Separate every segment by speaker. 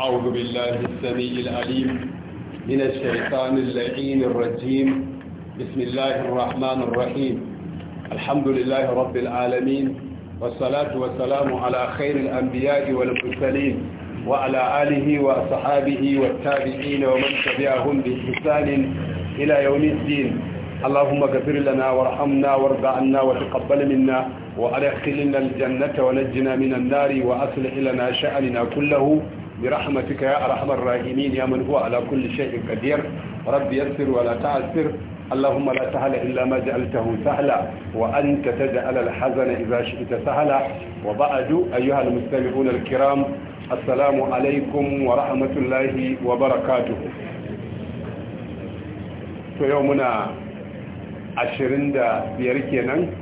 Speaker 1: أعوذ بالله السميع العليم من الشيطان اللعين الرجيم بسم الله الرحمن الرحيم الحمد لله رب العالمين والصلاة والسلام على خير الأنبياء والمرسلين وعلى آله وأصحابه والتابعين ومن تبعهم بإحسان إلى يوم الدين اللهم اغفر لنا وارحمنا وارض عنا وتقبل منا وأدخلنا الجنة ونجنا من النار وأصلح لنا شأننا كله برحمتك يا أرحم الراحمين يا من هو على كل شيء قدير رب يسر ولا تعسر اللهم لا سهل إلا ما جعلته سهلا وأنت تجعل الحزن إذا شئت سهلا وبعد أيها المستمعون الكرام السلام عليكم ورحمة الله وبركاته to yau muna ashirin da biyar kenan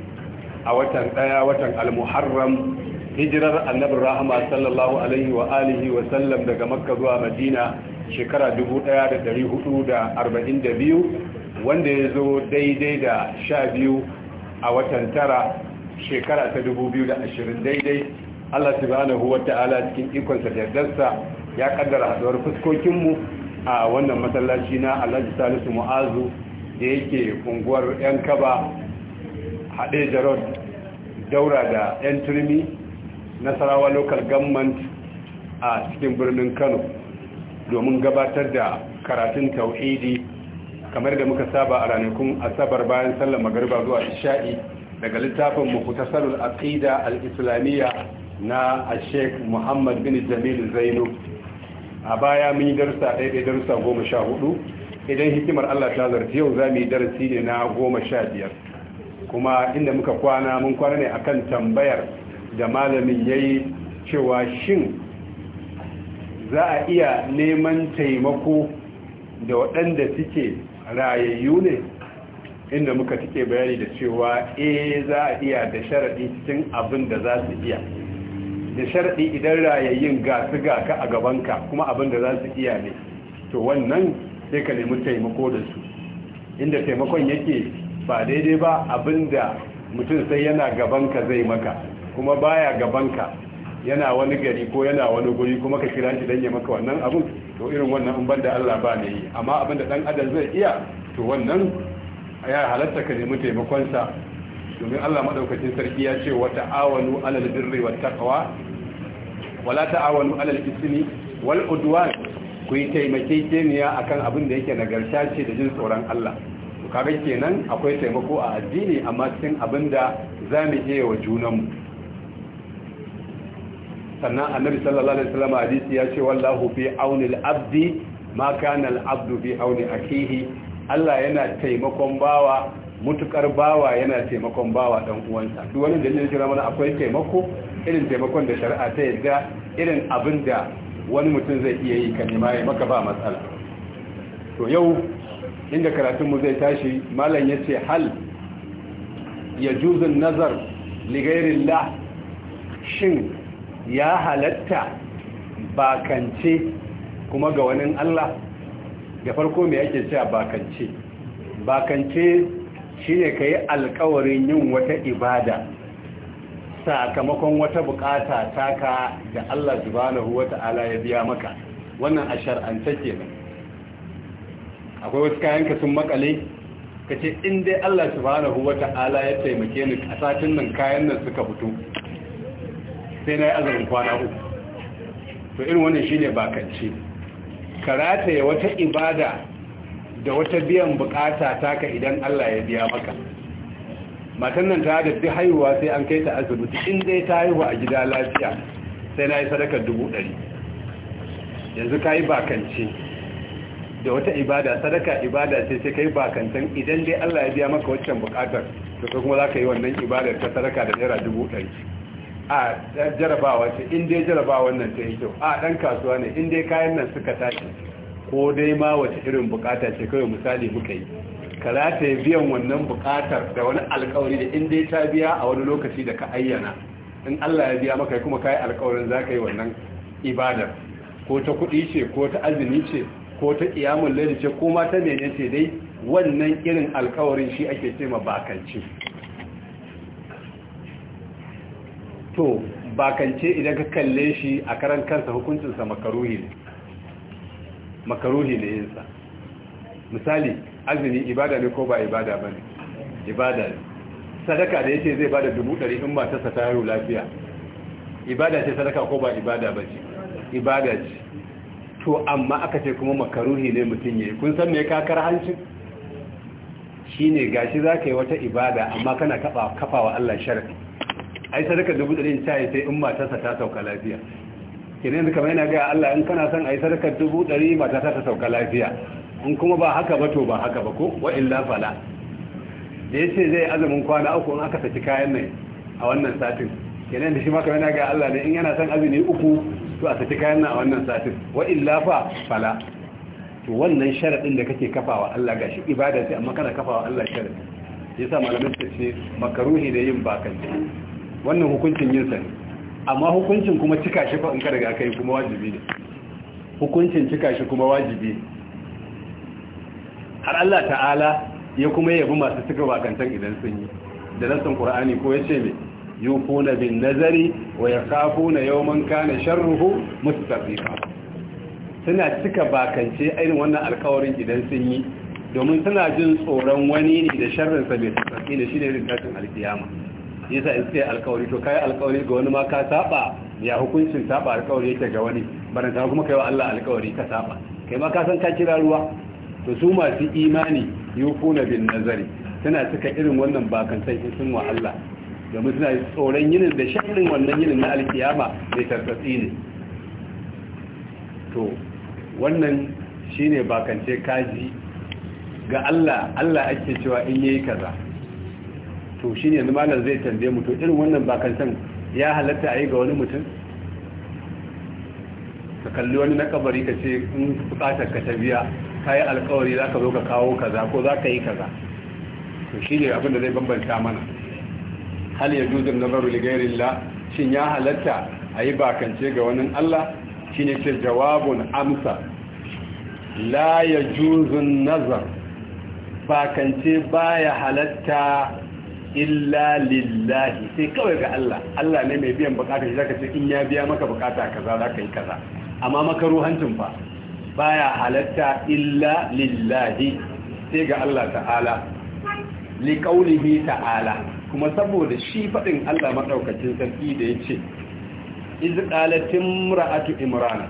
Speaker 1: a watan ɗaya watan almuharram hijirar annabin rahama sallallahu alaihi wa alihi wa sallam daga makka zuwa madina shekara 1442 wanda ya zo daidai da sha biyu a watan tara shekara ta 2020 daidai allah subhanahu wa ta'ala cikin ikonsa da yardarsa ya kaddara haduwar fuskokinmu a wannan masallaci na alhaji salisu mu'azu da yake unguwar yan kaba haɗe jarod daura da yan turmi nasarawa local government a cikin birnin kano domin gabatar da karatun tauhidi kamar da muka saba a ranakun asabar bayan sallar magariba zuwa isha'i daga littafin muhtasarul aqida al-islamiyya na Sheikh Muhammad bin jamilu Zainu a baya mun yi darsa ɗaya darusa goma sha hudu idan hikimar Allah ta zarce yau za mu yi darasi ne na goma sha biyar kuma inda muka kwana mun kwana ne akan tambayar da malamin ya yi cewa shin za a iya neman taimako da waɗanda suke rayayyu ne inda muka cike bayani da cewa e za a iya da sharaɗi cikin abin da za su iya da sharaɗi idan rayayyun ga su ga ka a gabanka kuma abin da za su iya ne to wannan sai ka nemi taimako da su inda taimakon yake ba daidai ba abin da mutum sai yana gabanka zai maka kuma baya gabanka yana wani gari ko yana wani guri kuma ka kira shi dan ya maka wannan abun to irin wannan in banda Allah ba ne yi amma abin da dan adam zai iya to wannan ya halatta ka nemi taimakon sa domin Allah madaukakin sarki ya ce wata awanu alal birri wat taqwa wala ta'awanu alal ismi wal udwan ku yi taimakekeniya akan abin da yake nagarta ce da jin tsoron Allah kaga kenan akwai taimako a addini amma cikin abin da za mu iya wa junanmu sannan annabi sallallahu alaihi wasallam hadisi ya ce wallahu fi aunil abdi ma kana al-abdu fi auni akihi Allah yana taimakon bawa mutukar bawa yana taimakon bawa dan uwansa duk wani da yake mana akwai taimako irin taimakon da shari'a ta yadda irin abin da wani mutum zai iya yi kan nema ya maka ba matsala to yau inda karatun mu zai tashi malam yace hal yajuzu nazar li ghayri Allah shin ya halatta bakance kuma ga wani Allah da farko mai ake cewa bakance bakance shi ne ka yi alkawarin yin wata ibada sakamakon wata bukata taka da Allah huwa ta'ala ya biya maka wannan a shar'anta nan. akwai wasu kayanka sun makale ka ce in dai Allah huwa ta'ala ya taimake ni a satin nan kayan nan suka fito sai na yi azumin kwana uku to irin wannan shi ne bakance karata ya wata ibada da wata biyan bukata taka idan Allah ya biya maka matan nan ta da duk haihuwa sai an kai ta asibiti in dai ta haihuwa a gida lafiya sai na yi sadakar dubu ɗari yanzu ka yi bakance da wata ibada sadaka ibada ce sai ka yi bakantan idan dai Allah ya biya maka waccan bukatar to kuma za ka yi wannan ibadar ta sadaka da naira dubu ɗari a jarabawa ce in dai jarabawa wannan ta yi kyau a ɗan kasuwa ne in dai kayan nan suka tashi ko dai ma wace irin bukata ce kawai misali muka yi ta yi biyan wannan bukatar da wani alkawari da in dai ta biya a wani lokaci da ka ayyana in Allah ya biya maka kuma ka yi alkawarin za ka yi wannan ibadar ko ta kuɗi ce ko ta azumi ce ko ta ƙiyamun lalli ce ko ma ta mene ce dai wannan irin alkawarin shi ake ce ma bakanci to bakance idan ka kalle shi a karan kansa hukuncinsa makaruhi ne makaruhi ne yinsa misali azumi ibada ne ko ba ibada ba ne ibada ne sadaka da yake zai bada dubu ɗari in ba ta ta yaro lafiya ibada ce sadaka ko ba ibada ba
Speaker 2: ce
Speaker 1: ibada ce to amma aka ce kuma makaruhi ne mutum ya yi kun san me kakar hancin shine gashi za ka yi wata ibada amma kana kafawa Allah sharafi ai sadaka dubu ɗari ta yi sai in matarsa ta sauka lafiya kenan da kamar yana ga Allah in kana son ai sadaka dubu ɗari matarsa ta sauka lafiya in kuma ba haka ba to ba haka ba ko wa illa fala da yace zai azumin kwana uku in aka saki kayan nan a wannan satin kenan da shi ma kamar yana ga Allah ne in yana son azumi uku to a saki kayan nan a wannan satin wa illa fa fala to wannan sharadin da kake kafawa Allah gashi ibada sai amma kana kafawa Allah sharadin yasa malamin suka ce makaruhi da yin bakanci wannan hukuncin yin sani amma hukuncin kuma cika shi fa kada ka kai kuma wajibi ne hukuncin cika shi kuma wajibi har Allah ta'ala ya kuma yabi masu cika bakantan idan sun yi da nasan qur'ani ko yace me yufuna bin nazari wa yakhafuna yawman kana sharruhu mustaqifa suna cika bakance irin wannan alƙawarin idan sun yi domin suna jin tsoron wani ne da sharrinsa bai tsaki da shi ne rin tashin alkiyama yasa in sai alkawari to kai alkawari ga wani ma ka saba ya hukuncin saba alkawari yake ga wani baranta kuma kai wa Allah alkawari ka saba kai ma ka san ka kira ruwa to su masu imani yufuna bin nazari suna cika irin wannan bakantan sun wa Allah domin suna tsoron yinin da shirin wannan yinin na alkiyama mai tarfatsi ne to wannan shine bakance kaji ga Allah Allah ake cewa in yayi kaza to shi ne malam zai tambaye mu to irin wannan bakan san ya halatta a yi ga wani mutum ka kalli wani na kabari ka ce in bukatar ka ta biya ka yi alkawari za ka zo ka kawo kaza ko za ka yi kaza to shi ne abin da zai bambanta mana hal ya juzin nazaru li la shi ya halatta a yi bakance ga wani Allah ne ce jawabun amsa la ya juzun nazar bakance baya halatta illa lillahi sai kawai ga Allah Allah ne mai biyan bukata shi zaka ce in ya biya maka bukata kaza zaka yi kaza amma makaruhancin fa baya halatta illa lillahi sai ga Allah ta'ala li qaulihi ta'ala kuma saboda shi fadin Allah madaukakin sarki da yace iz qalatim ra'atu imrana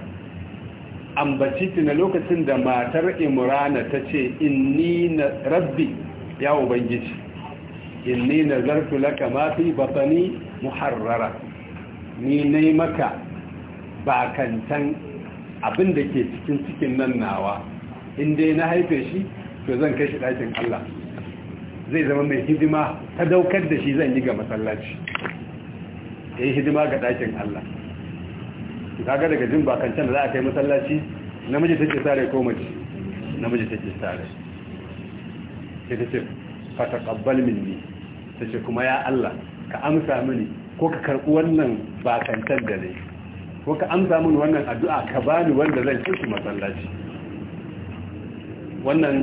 Speaker 1: ambaci tuna lokacin da matar imrana tace inni rabbi ya ubangiji inni nazartu laka ma fi batani muharrara ni nay maka kantan abin da ke cikin cikin nan nawa in dai na haife shi to zan kai shi ɗakin Allah zai zama mai hidima ta daukar da shi zan yi ga masallaci ya yi hidima ga ɗakin Allah kaga daga jin bakancan da za a kai masallaci namiji take sare ko mace namiji take sare sai ta ce min minni ta ce kuma ya Allah ka amsa mini ko ka karɓi wannan bakantar da ne ko ka amsa mini wannan addu'a ka bani wanda zai ci masallaci wannan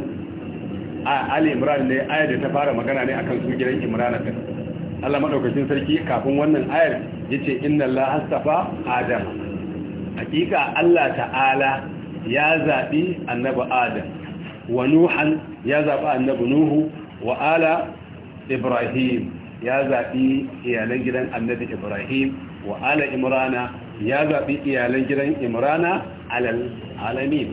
Speaker 1: a Ali Imran ne ayar da ta fara magana ne akan su gidan Imran din Allah madaukakin sarki kafin wannan ayar yace inna Allah astafa Adam hakika Allah ta'ala ya zabi annabi Adam wa Nuhan ya zabi annabi Nuhu wa ala ibrahim ya zaɓi iyalan gidan annabi ibrahim wa ala imrana ya zaɓi iyalan gidan imrana alal alamin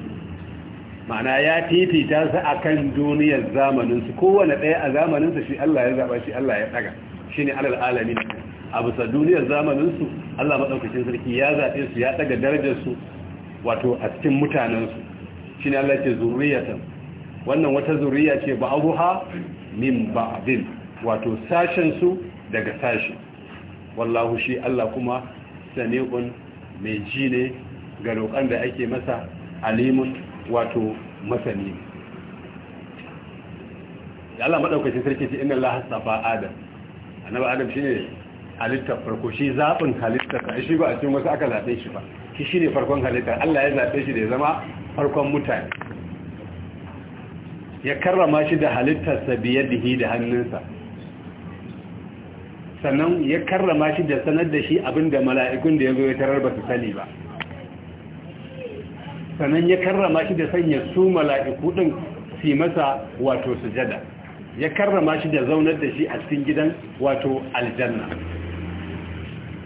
Speaker 1: ma'ana ya fifita su akan duniyar zamaninsu kowane ɗaya a zamaninsu shi Allah ya zaɓa shi Allah ya ɗaga shi ne alal alamin a bisa duniyar zamaninsu Allah maɗaukacin sarki ya zaɓe su ya ɗaga darajarsu wato a cikin mutanensu shi ne Allah ce zurriyatan wannan wata zurriya ce ha min ba'din wato sashensu daga sashi wallahu shi Allah kuma Sani'un mai ji ne ga roƙon da ake masa alimun wato masani da Allah maɗaukacin sarki ce inna Allah hasafa Adam annabi Adam shi ne halittar farko shi zaɓin halittar shi ba a cikin wasu aka zaɓe shi ba shi shine farkon halittar Allah ya zaɓe shi da ya zama farkon mutane ya karrama shi da halittarsa biyar da hannunsa sannan ya karrama shi da sanar da shi abinda mala'ikun da ya zo ya tarar ba su sani ba sannan ya karrama shi da sanya su mala'iku ɗin su masa wato sujada ya karrama shi da zaunar da shi a cikin gidan wato aljanna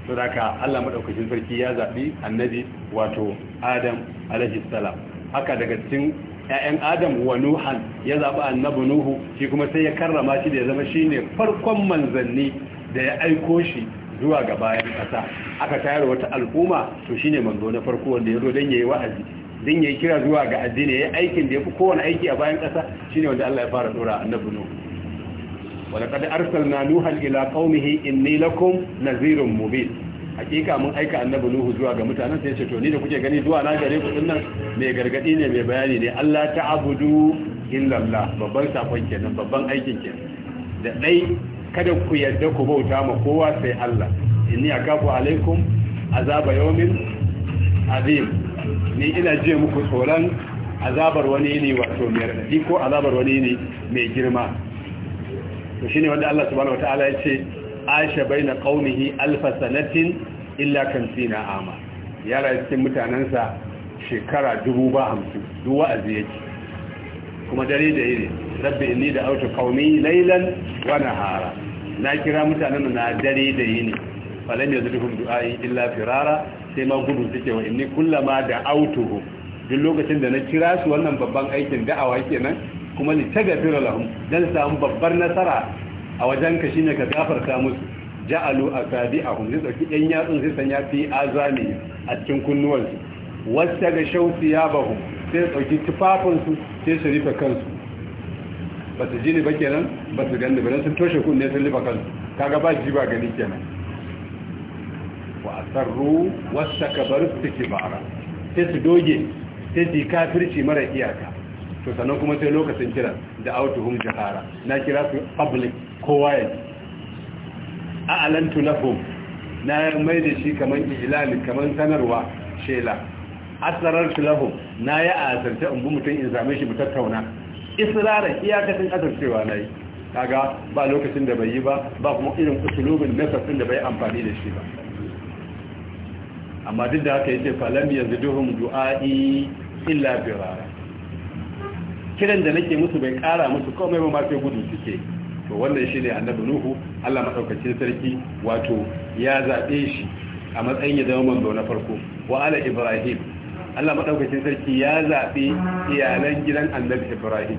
Speaker 1: Su ka Allah maɗaukacin sarki ya zaɓi annabi wato Adam alaihi salam haka daga cikin yayan Adam wa Nuhan ya zaɓi annabi Nuhu shi kuma sai ya karrama shi da ya zama shi ne farkon manzanni da ya aiko shi zuwa ga bayan ƙasa aka tayar wata al'umma to shine manzo na farko wanda ya zo don yayi wa'azi don yayi kira zuwa ga addini yayi aikin da yafi kowane aiki a bayan kasa shine wanda Allah ya fara dora annabi nuhu walaqad arsalna nuha ila qaumihi inni lakum nazirun mubin hakika mun aika annabi nuhu zuwa ga mutanen sai ya ce to ni da kuke gani zuwa na gare ku dinnan mai gargadi ne mai bayani ne Allah ta'budu illallah babban sakon kenan babban aikin kenan da dai kada ku yadda ku bauta ma kowa sai Allah inni akafu alaikum azaba yawmin azim ni ina je muku tsoron azabar wani ne wato mai radadi ko azabar wani ne mai girma to shine wanda Allah subhanahu wataala ya ce aisha baina qaumihi alf sanatin illa kamsina ama ya rayu cikin mutanansa shekara 50 duk wa'azi yake kuma dare da yini rabbi inni da auta qaumi laylan wa nahara na kira mutanen na dare da yini falam yazduhum du'ai illa firara sai ma gudu suke wa inni kullama da autuhum duk lokacin da na kira su wannan babban aikin da'awa kenan kuma li tagfira lahum don samu babbar nasara a wajen ka shine ka gafarta musu ja'alu a hundu dauki yan yatsun sai sanya fi azami a cikin kunnuwansu ta ga ya bahu, sai dauki tufafinsu sai su rufe kansu ba su ji ne ba kenan ba su gani ba sun toshe ne sun liba kansu kaga ba ji ba gani kenan wa asarru wasakabaru bara sai su doge sai su kafirci mara iyaka to sannan kuma sai lokacin kira da hun jahara na kira su public kowa ya ji a'lantu lahum na mai da shi kaman ihlali kaman sanarwa shela asrartu lahum na ya asarta in bi mutum in zame shi mu tattauna israran iyakacin azurcewa na yi kaga ba lokacin da bai yi ba ba kuma irin usulubin nasarfin da bai amfani da shi ba amma duk da haka yace falam duhun du'ai illa birara kiran da nake musu bai kara musu komai ba ma gudu suke to wannan shi ne annabi nuhu Allah maɗaukacin sarki wato ya zaɓe shi a matsayin ya zama manzo na farko wa ibrahim Allah maɗaukacin sarki ya zaɓi iyalan gidan annabi Ibrahim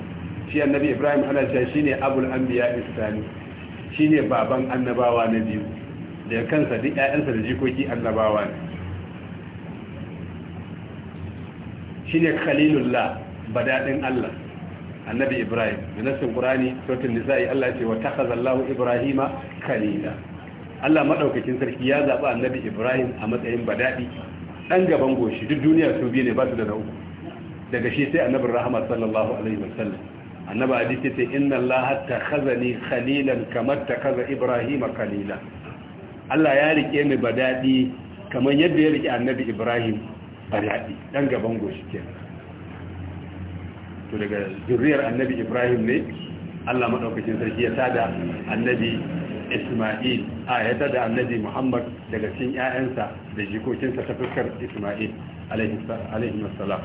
Speaker 1: shi annabi Ibrahim ana cewa ne abul anbiya islami ne baban annabawa na biyu da kansa duk ƴaƴansa da jikoki annabawa ne Shi ne khalilullah badaɗin Allah annabi Ibrahim da nasin Qur'ani sautin nisa'i Allah ce wa takhadha Allahu Ibrahima khalila Allah maɗaukacin sarki ya zaɓi annabi Ibrahim a matsayin badaɗi. dan gaban goshi duk duniya su biyu ne ba su da na daga shi sai annabin rahama sallallahu alaihi wasallam annaba hadisi sai inna allaha takhazani khalilan kamar takhaza ibrahima khalila Allah ya rike ni badadi kamar yadda ya rike annabi ibrahim badadi dan gaban goshi kenan to daga zuriyar annabi ibrahim ne Allah madaukakin sarki ya tada annabi Isma'il a yadda da annabi Muhammad daga cikin ƴaƴansa da jikokinsa ta fuskar Isma'il alaihi salam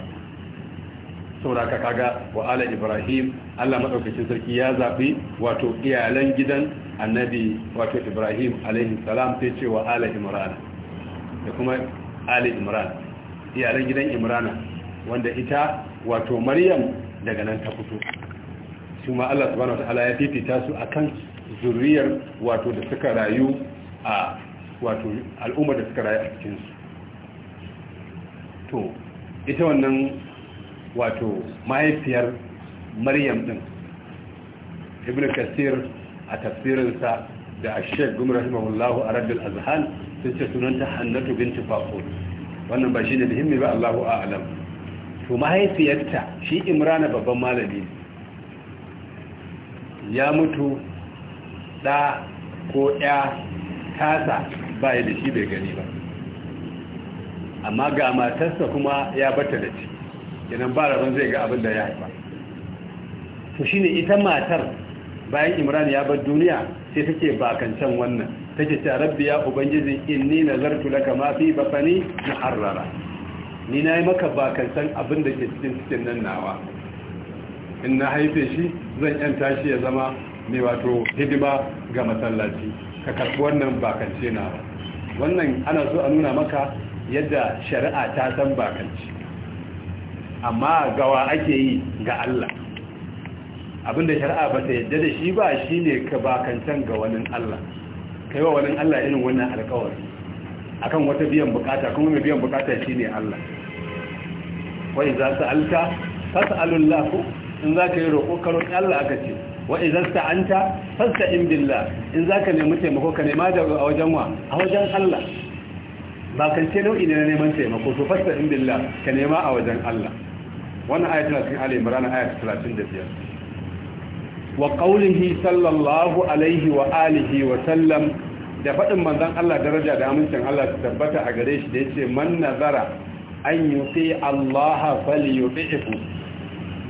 Speaker 1: saboda ka kaga wa ala Ibrahim Allah madaukakin sarki ya zabi wato iyalan gidan annabi wato Ibrahim alaihi salam sai ce wa ala Imran da kuma ali Imran iyalan gidan Imrana wanda ita wato Maryam daga nan ta fito su ma Allah subhanahu ta'ala ya fifita su akan zuriyar wato da suka rayu a wato al'umma da suka rayu a cikinsu to ita wannan wato mahaifiyar maryam din ibn kasir a tafsirinsa da ashek gumi rahimahullahu a rabbil azhan sun ce sunanta hannatu binti fafon wannan ba shi ne himmi ba allahu a'alam to mahaifiyarta shi imrana babban malami ya mutu Da, ko ya tasa ba ya da shi bai gani ba amma ga matarsa kuma ya bata da ci yanan ba rabin zai ga abin da ya haifa to shine ita matar bayan imran ya bar duniya sai take bakancan wannan take ta rabbi ya ubangiji inni nazartu laka ma fi batni muharrara ni nayi maka bakancan abin da ke cikin cikin nan nawa in na haife shi zan yanta shi ya zama mai wato hidima ga masallaci ka karɓi wannan bakance na ba wannan ana so a nuna maka yadda shari'a ta san bakance amma gawa ake yi ga Allah abinda shari'a ba ta yadda da shi ba shi ne ka bakancen ga wani Allah ka wa wani Allah irin wannan alkawari akan wata biyan bukata kuma mai biyan bukata shi ne Allah wai za su alta fasa'alun lafu in za ka yi roƙo karon Allah aka ce wa idan sta'anta fasta'in billah in zaka nemi taimako ka nema da a wajen wa a wajen Allah ba kan ce nau'i ne na neman taimako to fasta'in billah ka nema a wajen Allah wannan ayat tana cikin Ali Imran ayat 35 wa qawlihi sallallahu alaihi wa alihi wa sallam da fadin manzon Allah daraja da amincin Allah ta tabbata a gare shi da yace man nazara an yuti Allah falyuti'hu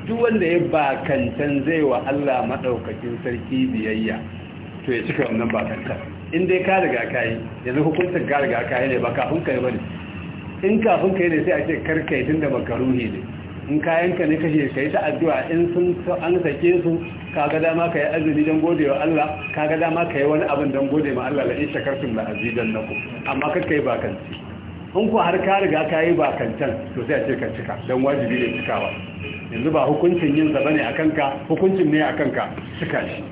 Speaker 1: duk wanda ya bakantan zai wa Allah madaukakin sarki biyayya to ya cika wannan bakantan in dai ka riga yi yanzu hukuntar ka riga yi ne ba kafin kai ne in kafin kai ne sai a ce karkai tunda makaruhi ne in kayan ka ne kashe kai ta addu'a in sun an sake su kaga dama kai azumi dan gode wa Allah kaga dama kai wani abin dan gode ma Allah la in shakartum la azidannakum amma kai bakanci in ku har ka riga ka yi ba kancan to sai a ce ka cika don wajibi ne cikawa yanzu ba hukuncin yin zaba bane akan ka hukuncin ne akan ka cika shi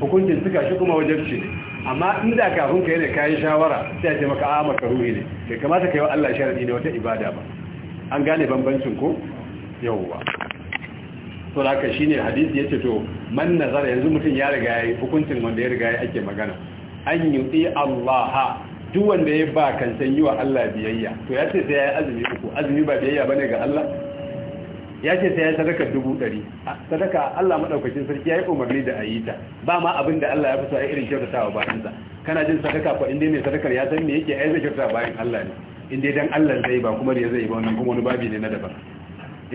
Speaker 1: hukuncin cika shi kuma wajibci ne amma in da kafin ka yi ka yi shawara sai a ce maka a maka ruhi ne bai kamata ka yi wa Allah sharadi ne wata ibada ba an gane bambancin ko yawwa to da shine hadisi yace to man nazara yanzu mutum ya riga yayi hukuncin wanda ya riga yayi ake magana an yuti Allah duk wanda ya ba kan san yi wa Allah biyayya to ya ce sai ya yi azumi uku azumi ba biyayya bane ga Allah ya ce sai ya sadaka dubu ɗari sadaka Allah maɗaukacin sarki ya yi umarni da ayita ba ma abin da Allah ya fi so a irin kyautatawa bayansa kana jin sadaka ko inda mai sadakar ya san me yake ai zai kyautata bayan Allah ne inda dan Allah zai ba kuma da zai ba wannan kuma wani babi ne na daban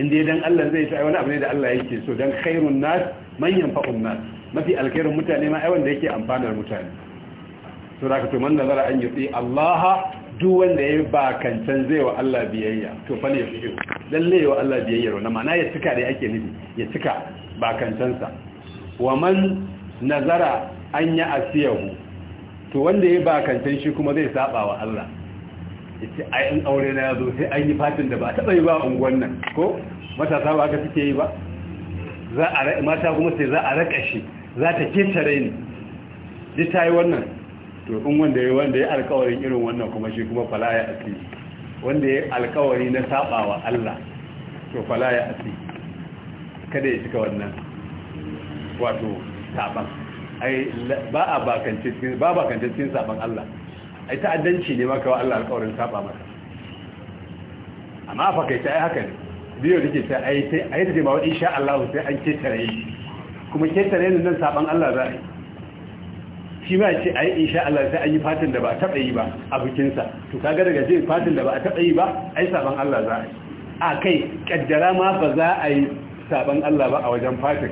Speaker 1: inda dan Allah zai ta wani abu ne da Allah yake so dan khairun nas man yanfa'un nas mafi alkhairun mutane ma ai wanda yake amfanar mutane Sau da ka to da nazara an yi Allah duk wanda ya bakancan zai wa Allah biyayya to fane ne fiye lalle wa Allah biyayya wannan mana ya cika da yake nufi ya cika bakancansa wa man nazara an ya asiyahu to wanda ya bakancan shi kuma zai saba wa Allah Ya ce ai in aure na yazo sai an yi fatin da ba taɓa yi ba unguwan nan ko matasa ba haka suke yi ba za a mata kuma sai za a raka shi za ta ketare ni duk yi wannan to in wanda ya wanda ya alkawarin irin wannan kuma shi kuma fala ya asi wanda ya alkawari na sabawa Allah to fala ya asi kada ya cika wannan wato saban ai ba a bakance cikin ba bakance cikin saban Allah ai ta'addanci ne maka wa Allah alkawarin saba maka amma fa kai ta ai haka ne biyo dake ta ai sai ai da ma wa insha Allah sai an ketare kuma ketare nan saban Allah za a yi shi ma ce yi insha Allah sai an yi fatin da ba a taɓa yi ba a bikinsa to kaga daga ce fatin da ba a taɓa yi ba ai sabon Allah za a yi a kai kaddara ma ba za a yi sabon Allah ba a wajen fatin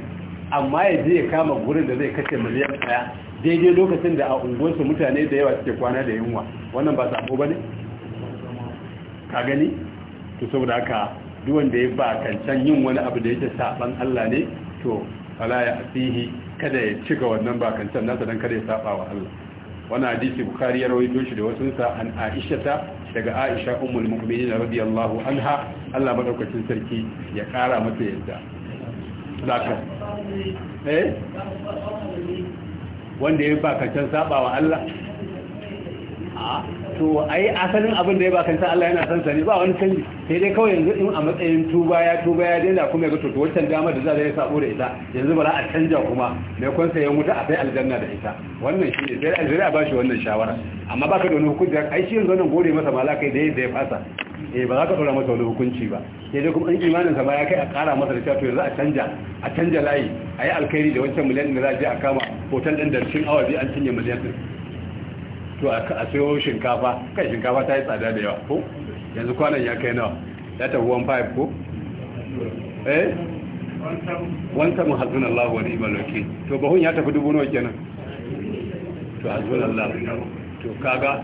Speaker 1: amma ya je ya kama gurin da zai kashe miliyan ɗaya daidai lokacin da a unguwarsu mutane da yawa suke kwana da yunwa wannan ba sabo ba ne? ka gani? to saboda haka duwanda ya ba kancan yin wani abu da yake saban Allah ne to fala ya asihi kada ya ci ga wannan bakancan nasa don kada ya saba wa Allah wani hadisi bukari ya rawaito shi da wasu sa an aisha ta daga aisha ummul mu'minin radiyallahu anha Allah madaukakin sarki ya kara mata yadda zaka eh wanda ya bakancan saba wa Allah a ah. to ai asalin abin da ya bakan san Allah yana san sani ba wani canji sai dai kawai yanzu in a matsayin tuba ya tuba ya daina kuma ya to wancan dama da za ya sabo da ita yanzu bara a canja kuma mai sai ya mutu a kai aljanna da ita wannan shi ne sai aljanna ba shi wannan shawara amma baka da wani hukunci ai shi yanzu wannan gode masa malakai da yadda ya fasa eh ba za ka tsora masa wani hukunci ba sai dai kuma in imaninsa ba ya kai a kara masa da cewa to yanzu a canja a canja layi a yi alkhairi da wancan miliyan da za a je a kama hotel ɗin da cin awa biyu an cinye miliyan ɗin to a sayo shinkafa kai shinkafa ta yi tsada da yawa ko yanzu kwanan ya kai nawa ya tafi 1.5 ko eh
Speaker 2: wanta mu hazunan Allah
Speaker 1: wani imaloki to bahun ya tafi dubu nawa kenan to hazunan Allah to kaga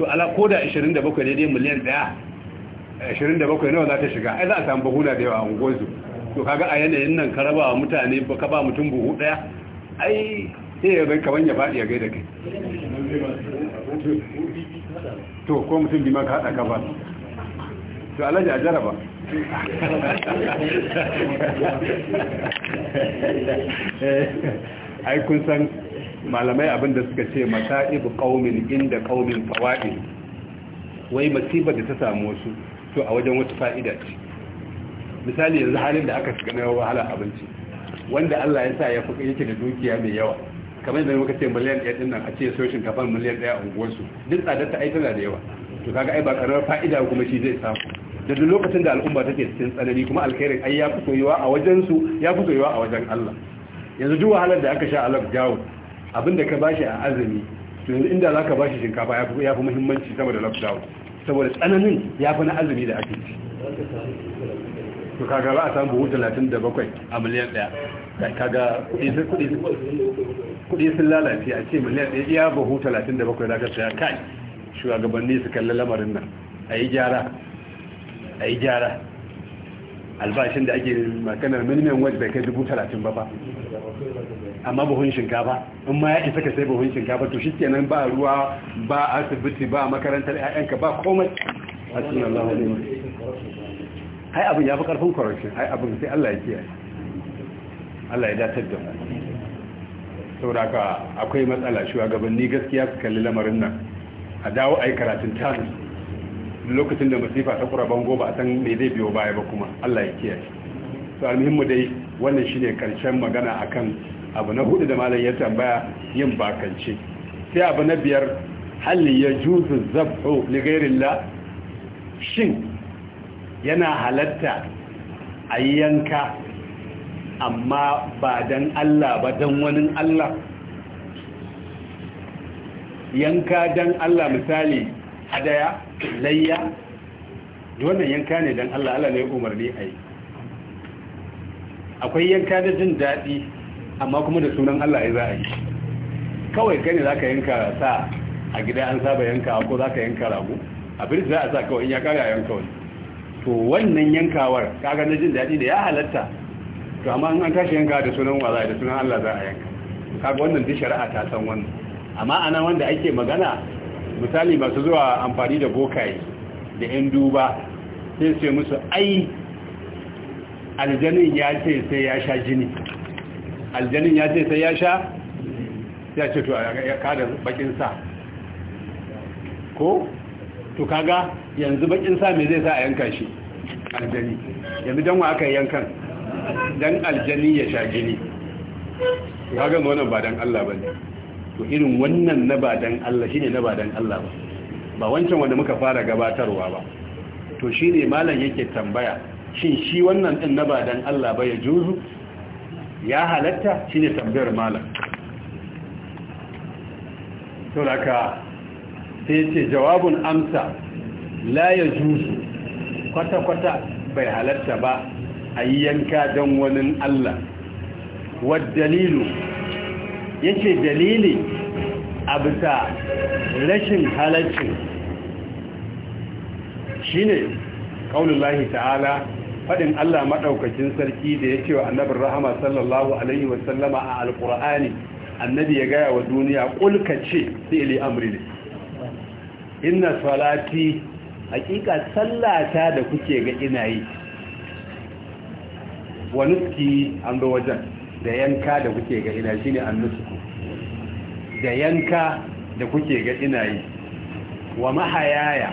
Speaker 1: to ala ko da 27 ne dai miliyan daya 27 nawa za ta shiga ai za a samu bahuna da yawa a ungozu to kaga a yanayin nan ka raba wa mutane ba ka ba mutum buhu daya ai sai ya bai kaman ya faɗi ya gaida kai to ko mutum bi maka hada ka ba
Speaker 2: to alaji a jaraba
Speaker 1: ai kun san malamai abinda suka ce masa'ibu qaumin inda qaumin fawaid wai masiba da ta samu wasu to a wajen wata fa'ida ce misali yanzu halin da aka shiga na wahala abinci wanda Allah ya sa ya fuka yake da dukiya mai yawa kamar yadda muka ce miliyan ɗaya ɗin nan a ce sau shinkafa miliyan ɗaya a unguwarsu duk tsadar ta ai da yawa to kaga ai ba karar fa'ida kuma shi zai samu da duk lokacin da al'umma take cikin tsanani kuma alkhairin ai ya fi soyuwa a wajen su ya fi soyuwa a wajen Allah yanzu duk wahalar da aka sha a lockdown abinda ka bashi a azumi to yanzu inda zaka bashi shinkafa ya fi ya fi muhimmanci saboda lockdown saboda tsananin ya fi na azumi da ake ci to kaga ba a samu buhu 37 a miliyan 1 kaga kudi kudi kuɗi sun lalace a ce miliyan ɗaya iya bahu talatin da bakwai da ka saya kai shugabanni su kalli lamarin nan a yi gyara a yi gyara albashin da ake makanar minimum wage bai kai dubu talatin ba ba amma buhun shinkafa in ma ya isa ka sai buhun shinkafa to shi nan ba ruwa ba asibiti ba makarantar 'ya'yanka ba komai a cikin Allah ai abin ya fi karfin corruption ai abin sai Allah ya kiyaye Allah ya datar da mu saboda akwai matsala shugabanni gaskiya su kalli lamarin nan a dawo a yi karatun tasu lokacin da masifa ta bango ba a san me zai biyo baya ba kuma allah ya kiyaye su almuhimmu dai wannan shine karshen magana akan abu na hudu da malam ya tambaya yin bakance sai abu na biyar halli ya juzu zabhu li la shin yana halatta a yanka amma ba dan Allah ba dan wani Allah yanka dan Allah misali hadaya layya wannan yanka ne dan Allah Allah ne ya umarni a yi akwai yanka da jin daɗi amma kuma da sunan Allah ya za a yi kawai kai ne za ka yanka sa a gida an saba yanka ko za ka yanka rago abin za a sa kawai in ya kara yanka wani to wannan yankawar kaga na jin daɗi da ya halatta to amma an tashi yanka da sunan wa da sunan Allah za a yanka kaga wannan duk shari'a ta san wannan amma ana wanda ake magana misali masu zuwa amfani da bokaye da yan duba sai ce musu ai aljanin ya ce sai ya sha jini aljanin ya ce sai ya sha ya ce to ya kada bakin sa ko to kaga yanzu bakin sa me zai sa a yanka shi aljani yanzu dan wa aka yankan dan aljani ya sha ga ga wannan ba dan Allah ba ne. to irin wannan na ba dan Allah shine na ba dan Allah ba ba wancan wanda muka fara gabatarwa ba to shine malam yake tambaya shin shi wannan din na ba dan Allah ba ya juzu ya halatta shine tambayar malam to laka sai ce jawabun amsa la ya juzu kwata-kwata bai halatta ba a yi yanka don wani Allah waddalilu yake dalili a bisa rashin halaccin shine kaulullahi ta'ala faɗin Allah maɗaukacin sarki da ya ce wa annabin rahama sallallahu alaihi wasallama a alƙur'ani annabi ya gaya wa duniya ƙulka ce fi'ili amri ne inna salati hakika sallata da kuke ga ina yi wa nuski an zo wajen da yanka da kuke ga ina shi shine an nusku da yanka da kuke ga ina yi wa mahayaya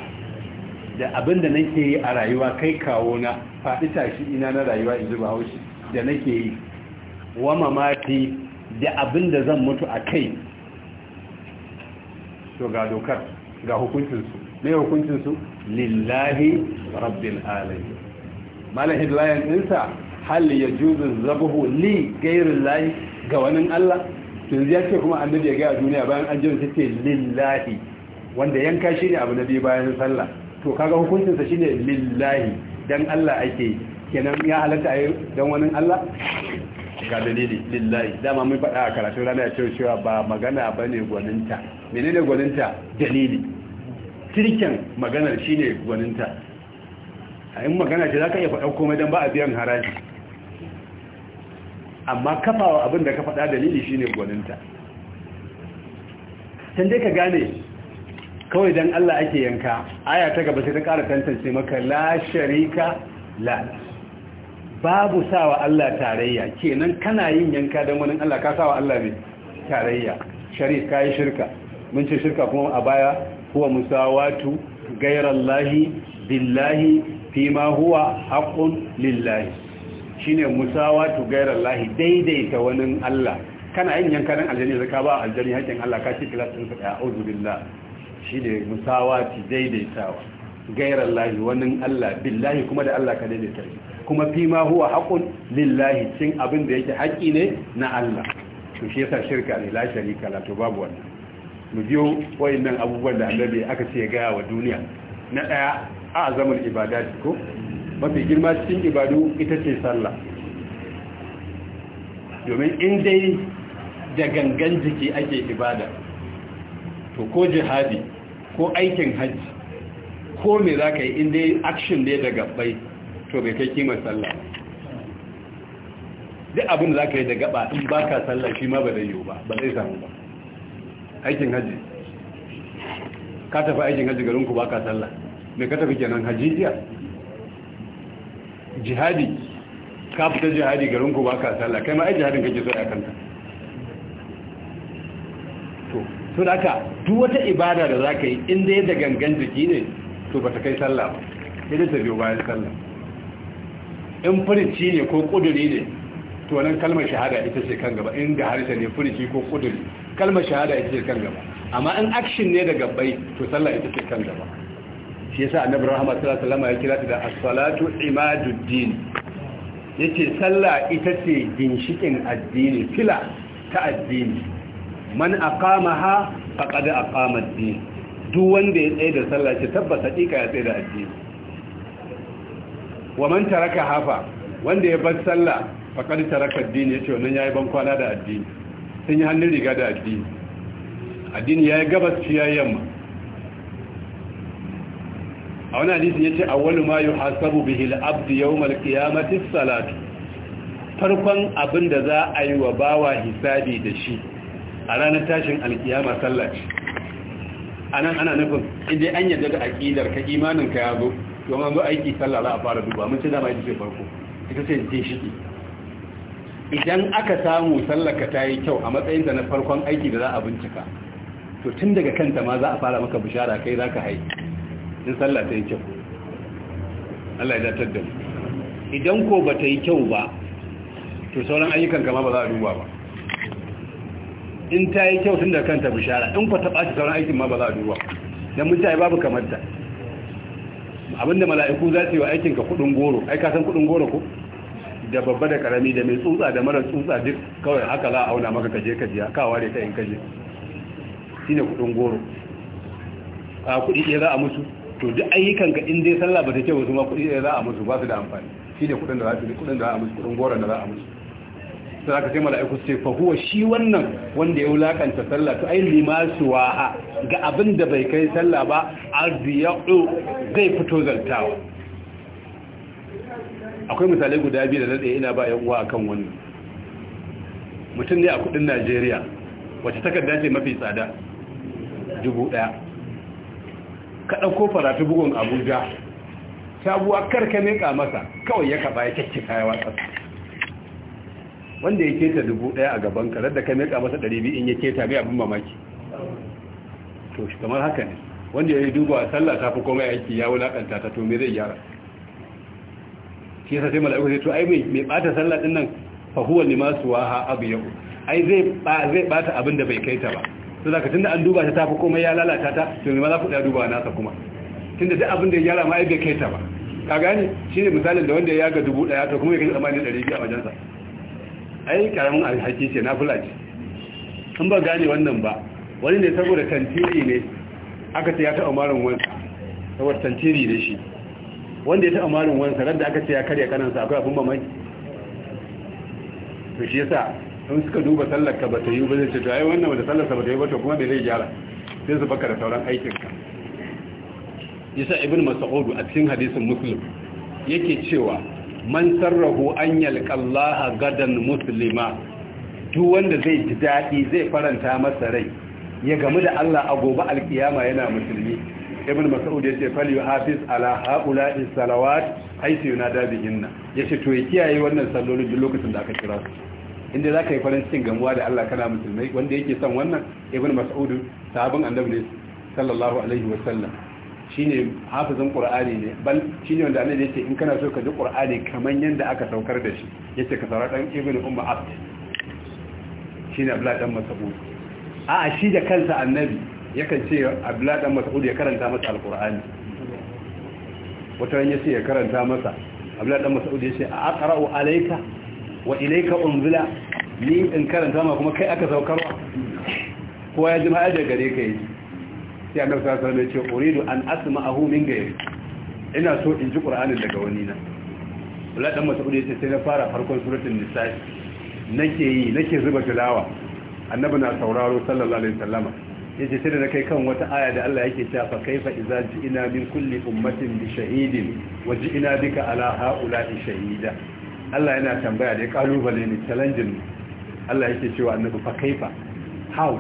Speaker 1: da abin da nake yi a rayuwa kai kawo na faɗi tashi ina na rayuwa in zuba haushi da nake yi wa mamaki da abin da zan mutu a kai to ga dokar ga hukuncinsu ne hukuncinsu lillahi rabbil alayi malahin layan ɗinsa hal ya juzu zabahu li gairin lahi ga wani Allah yanzu ya ce kuma annabi ya gaya duniya bayan an jira take lillahi wanda yanka shi ne abu na biyu bayan sallah to kaga hukuncinsa shine lillahi dan Allah ake kenan ya halatta a dan wani Allah ga dalili lillahi dama mun faɗa a karatu rana ya ce cewa ba magana bane gwaninta menene gwaninta dalili tirken maganar shine gwaninta a yin magana ce za ka iya faɗa komai don ba a biyan haraji amma kafawa abin da ka faɗa dalili shine gwaninta can dai ka gane kawai don Allah ake yanka aya ta gaba sai ta ƙara tantance maka la sharika la babu sawa Allah tarayya kenan kana yin yanka don wani Allah ka sawa Allah ne tarayya sharif yi shirka mun ce shirka kuma a baya kuwa musawatu gairar lahi billahi fi ma huwa haƙun lillahi shine gairar lahi daidaita wani Allah kana yin yankarin aljani zaka ba aljani hakkin Allah ka ci kilas din sa ya auzu billah shine musawati daidaitawa lahi wani Allah billahi kuma da Allah ka daidaita shi kuma fi ma huwa haqqun lillahi cin abin da yake haƙi ne na Allah to shi yasa shirka ne la sharika la babu wannan mu biyo wayannan abubuwan da annabi aka ce ga wa duniya na daya a azamul ibadat ko mafi girma cikin ibadu ita ce sallah domin in dai da gangan jiki ake ibada to ko jihadi ko aikin hajji ko me za ka yi in dai action ne da gabbai to bai kai kima sallah duk abin da za ka yi da gaba in ba ka sallah shi ma ba zai yiwu ba ba zai samu ba aikin hajji ka tafi aikin hajji garinku ba ka sallah mai ka tafi kenan hajji jiya jihadi ka fita jihadi garin ku ka sallah kai ma ai jihadin kake so ya kanta to to da haka duk wata ibada da zaka yi in dai da gangan jiki ne to ta kai sallah ba sai da ta biyo bayan sallah in furici ne ko kuduri ne to nan kalmar shahada ita ce kan gaba in ga harshe ne furici ko kuduri kalmar shahada ita ce kan gaba amma in action ne da gabbai to sallah ita ce kan gaba shi yasa annabi rahama sallallahu alaihi ya kira ta da as-salatu imaduddin yace sallah ita ce ginshikin addini fila ta addini man aqamaha faqad aqama ad-din duk wanda ya tsaya da sallah ce tabbata hakika ya tsaya da addini wa man taraka hafa wanda ya bar sallah faqad taraka ad-din yace wannan yayi ban kwana da addini sun yi hannun riga da addini addini yayi gabas ciyayen yamma a wani hadisi ce awwalu ma yuhasabu bihi al-abd yawm al-qiyamati as-salatu farkon abin da za a yi wa bawa hisabi da shi a ranar tashin alkiyama sallah a anan ana nufin inda an yarda da aqidar ka imanin ka yazo to zo aiki sallah za a fara duba mun ce dama ita ce farko ita ce ginshiki idan aka samu sallaka ta yi kyau a matsayinta na farkon aiki da za a bincika to tun daga kanta ma za a fara maka bishara kai za ka haihu in sallah ta yi kyau Allah ya datar da mu idan ko ba ta yi kyau ba to sauran ayyukan kama ba za a duba ba in ta yi kyau tun da kanta bishara in ku ta ɓaci sauran aikin ma ba za a duba don mutane babu kamar ta abinda mala'iku za su yi wa aikinka kudin goro ai ka san kudin goro ko da babba da karami da mai tsutsa da mara tsutsa duk kawai haka za a auna maka kaje kaje ka ware ka in kaje shine kudin goro a kudi ke za a musu to duk ayyukan ka in dai sallah ba ta ce wasu ma kuɗi da za a musu ba su da amfani shi ne kuɗin da za su da kudin da za a musu kuɗin goron da za a musu sai aka ce mala'iku sai, fa huwa shi wannan wanda ya wulakanta sallah to ai limasu waha ga abin da bai kai sallah ba arziyau zai fito zaltawa akwai misalai guda biyu da nade ina ba yan uwa akan wannan mutum ne a kudin Najeriya wacce takarda ce mafi tsada dubu daya ka ɗauko faratu bugun abuja sabuwa karka ka masa kawai ya kaba ya kyakki kaya watsa wanda ya keta dubu ɗaya a gaban ka da ka ka masa ɗari biyu in ya keta bai abin mamaki to shi kamar haka ne wanda ya yi duba a sallah ta fi komai aiki ya wulaƙanta ta to me zai yara shi yasa sai mala'iku sai to ai mai ɓata sallah ɗin nan fa ne masu waha abu yau ai zai ɓata abin da bai kai ta ba su da tunda an duba ta tafi komai ya lalata ta to ne ma za ku da duba nasa kuma tunda duk abin da ya gyara ma ai bai kai ta ba ka gane shine misalin da wanda ya ga dubu daya to kuma ya kai tsamani ɗari biyu a majalisa ai karamin alhaki ce na fulaci an ba gane wannan ba wani ne saboda tantiri ne aka ce ya taɓa marin wansa saboda tantiri ne shi wanda ya taɓa marin wansa ran da aka ce ya karya kanansa akwai abin mamaki to shi yasa in suka duba sallar ka bata yi ba zai ce to ai wannan wanda sallar ba bata yi ba to kuma me zai gyara sai su baka da sauran aikin ka yasa ibn mas'ud a cikin hadisin muslim yake cewa man sarrahu an yalqallaha gadan muslima duk wanda zai ji daɗi zai faranta masa rai ya gamu da Allah a gobe alkiyama yana musulmi ibn ya ce fal Hafiz, ala haula salawat haythu yunada bihinna yace to ya kiyaye wannan sallolin duk lokacin da aka kira su inda za ka yi farin cikin gamuwa da Allah kana musulmai wanda yake son wannan ibn mas'ud sabon annabi ne sallallahu alaihi wa sallam shine hafizin qur'ani ne bal shine wanda annabi yace in kana so ka ji qur'ani kaman yanda aka saukar da shi yace ka saurara dan ibn umma abd shine abla dan mas'ud a shi da kansa annabi yakan ce abla dan mas'ud ya karanta masa alqur'ani wata ran yace ya karanta masa abla dan mas'ud yace a aqra'u alayka wa ilaika unzila ni in karanta ma kuma kai aka saukarwa kowa ya jima ajiye gare ka yi sai a sa mai ce uridu an asma a min gayar ina so in ji ƙura'anin daga wani na ɗan masu ƙudi ce sai na fara farkon suratun nisa'i nake yi nake zuba tilawa annabi na sauraro sallallahu alaihi wasallama ya ce sai da na kai kan wata aya da Allah yake cewa fa kaifa idza ina min kulli ummatin bi shahidin wa ji'ina bika ala ha'ula'i shahida Allah yana tambaya da ya kalubale ne ne Allah yake cewa annabi fa kaifa how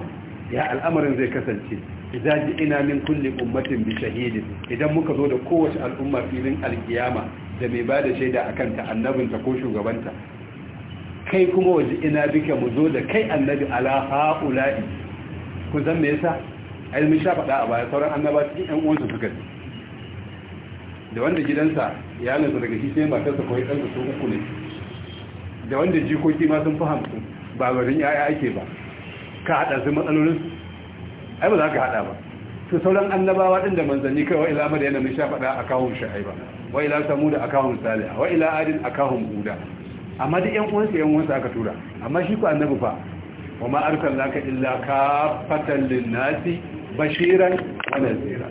Speaker 1: ya al'amarin zai kasance idan ina min kulli ummatin bi shahidi idan muka zo da kowace al'umma filin alkiyama da mai bada shaida akan ta ta ko shugabanta kai kuma waje ina bika mu zo da kai annabi ala haula'i ku zan me yasa ilmi sha fada a baya sauran annaba cikin ƴan uwansu suka ji da wanda gidansa iyalinsa daga shi sai matarsa ko ɗansa su uku ne da wanda jikoki ma sun fi hamsin ba barin yaya ake ba ka haɗa su matsalolin ai ba za ka haɗa ba to sauran annabawa din da manzanni kai wa ila madayana mun sha fada a shaiba wa ila samuda a kawun wa ila adin a kawun buda amma duk yan uwansa yan uwansa aka tura amma shi ko annabi fa wa ma laka illa kafatan lin bashiran wa nadhira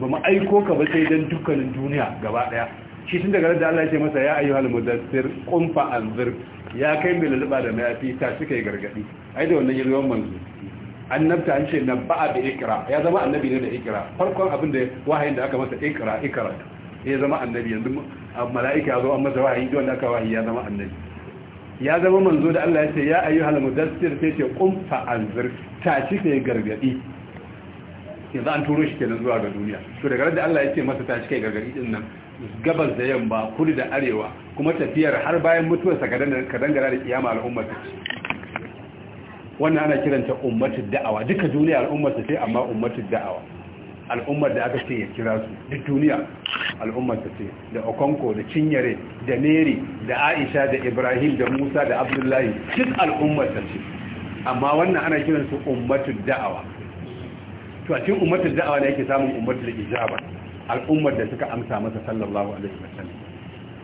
Speaker 1: ba mu aiko ka ba sai dan dukkanin duniya gaba daya shi tun daga da Allah ya ce masa ya ayyuhal mudassir qum fa anzir ya kai mai lulluba da mayafi ta suka yi gargadi ai da wannan yalwan manzo annabta an ce na ba'a da ikra ya zama annabi ne da ikra farkon abin da wahayin da aka masa ikra ikra ya zama annabi yanzu mala'ika ya zo an masa wahayi don wanda aka wahayi ya zama annabi ya zama manzo da Allah ya ce ya ayyuhal mudassir sai ce qum fa anzir ta ci kai gargadi yanzu an turo shi kenan zuwa ga duniya to daga da Allah ya ce masa ta ci kai gargadi din nan gabas da yamma kudu da arewa kuma tafiyar har bayan mutuwarsa ka dangana da kiyama al'ummar wannan ana kiranta ummatin da'awa duka duniya al'ummar ce amma ummatin da'awa al'ummar da aka ce ya kira su duk duniya al'ummar ce da okonko da cinyare da neri da aisha da ibrahim da musa da abdullahi duk al'ummar ce amma wannan ana kiransu ummatin da'awa to a cikin ummatin da'awa ne yake samun ummatin ijaba al'ummar da suka amsa masa sallallahu alaihi wasallam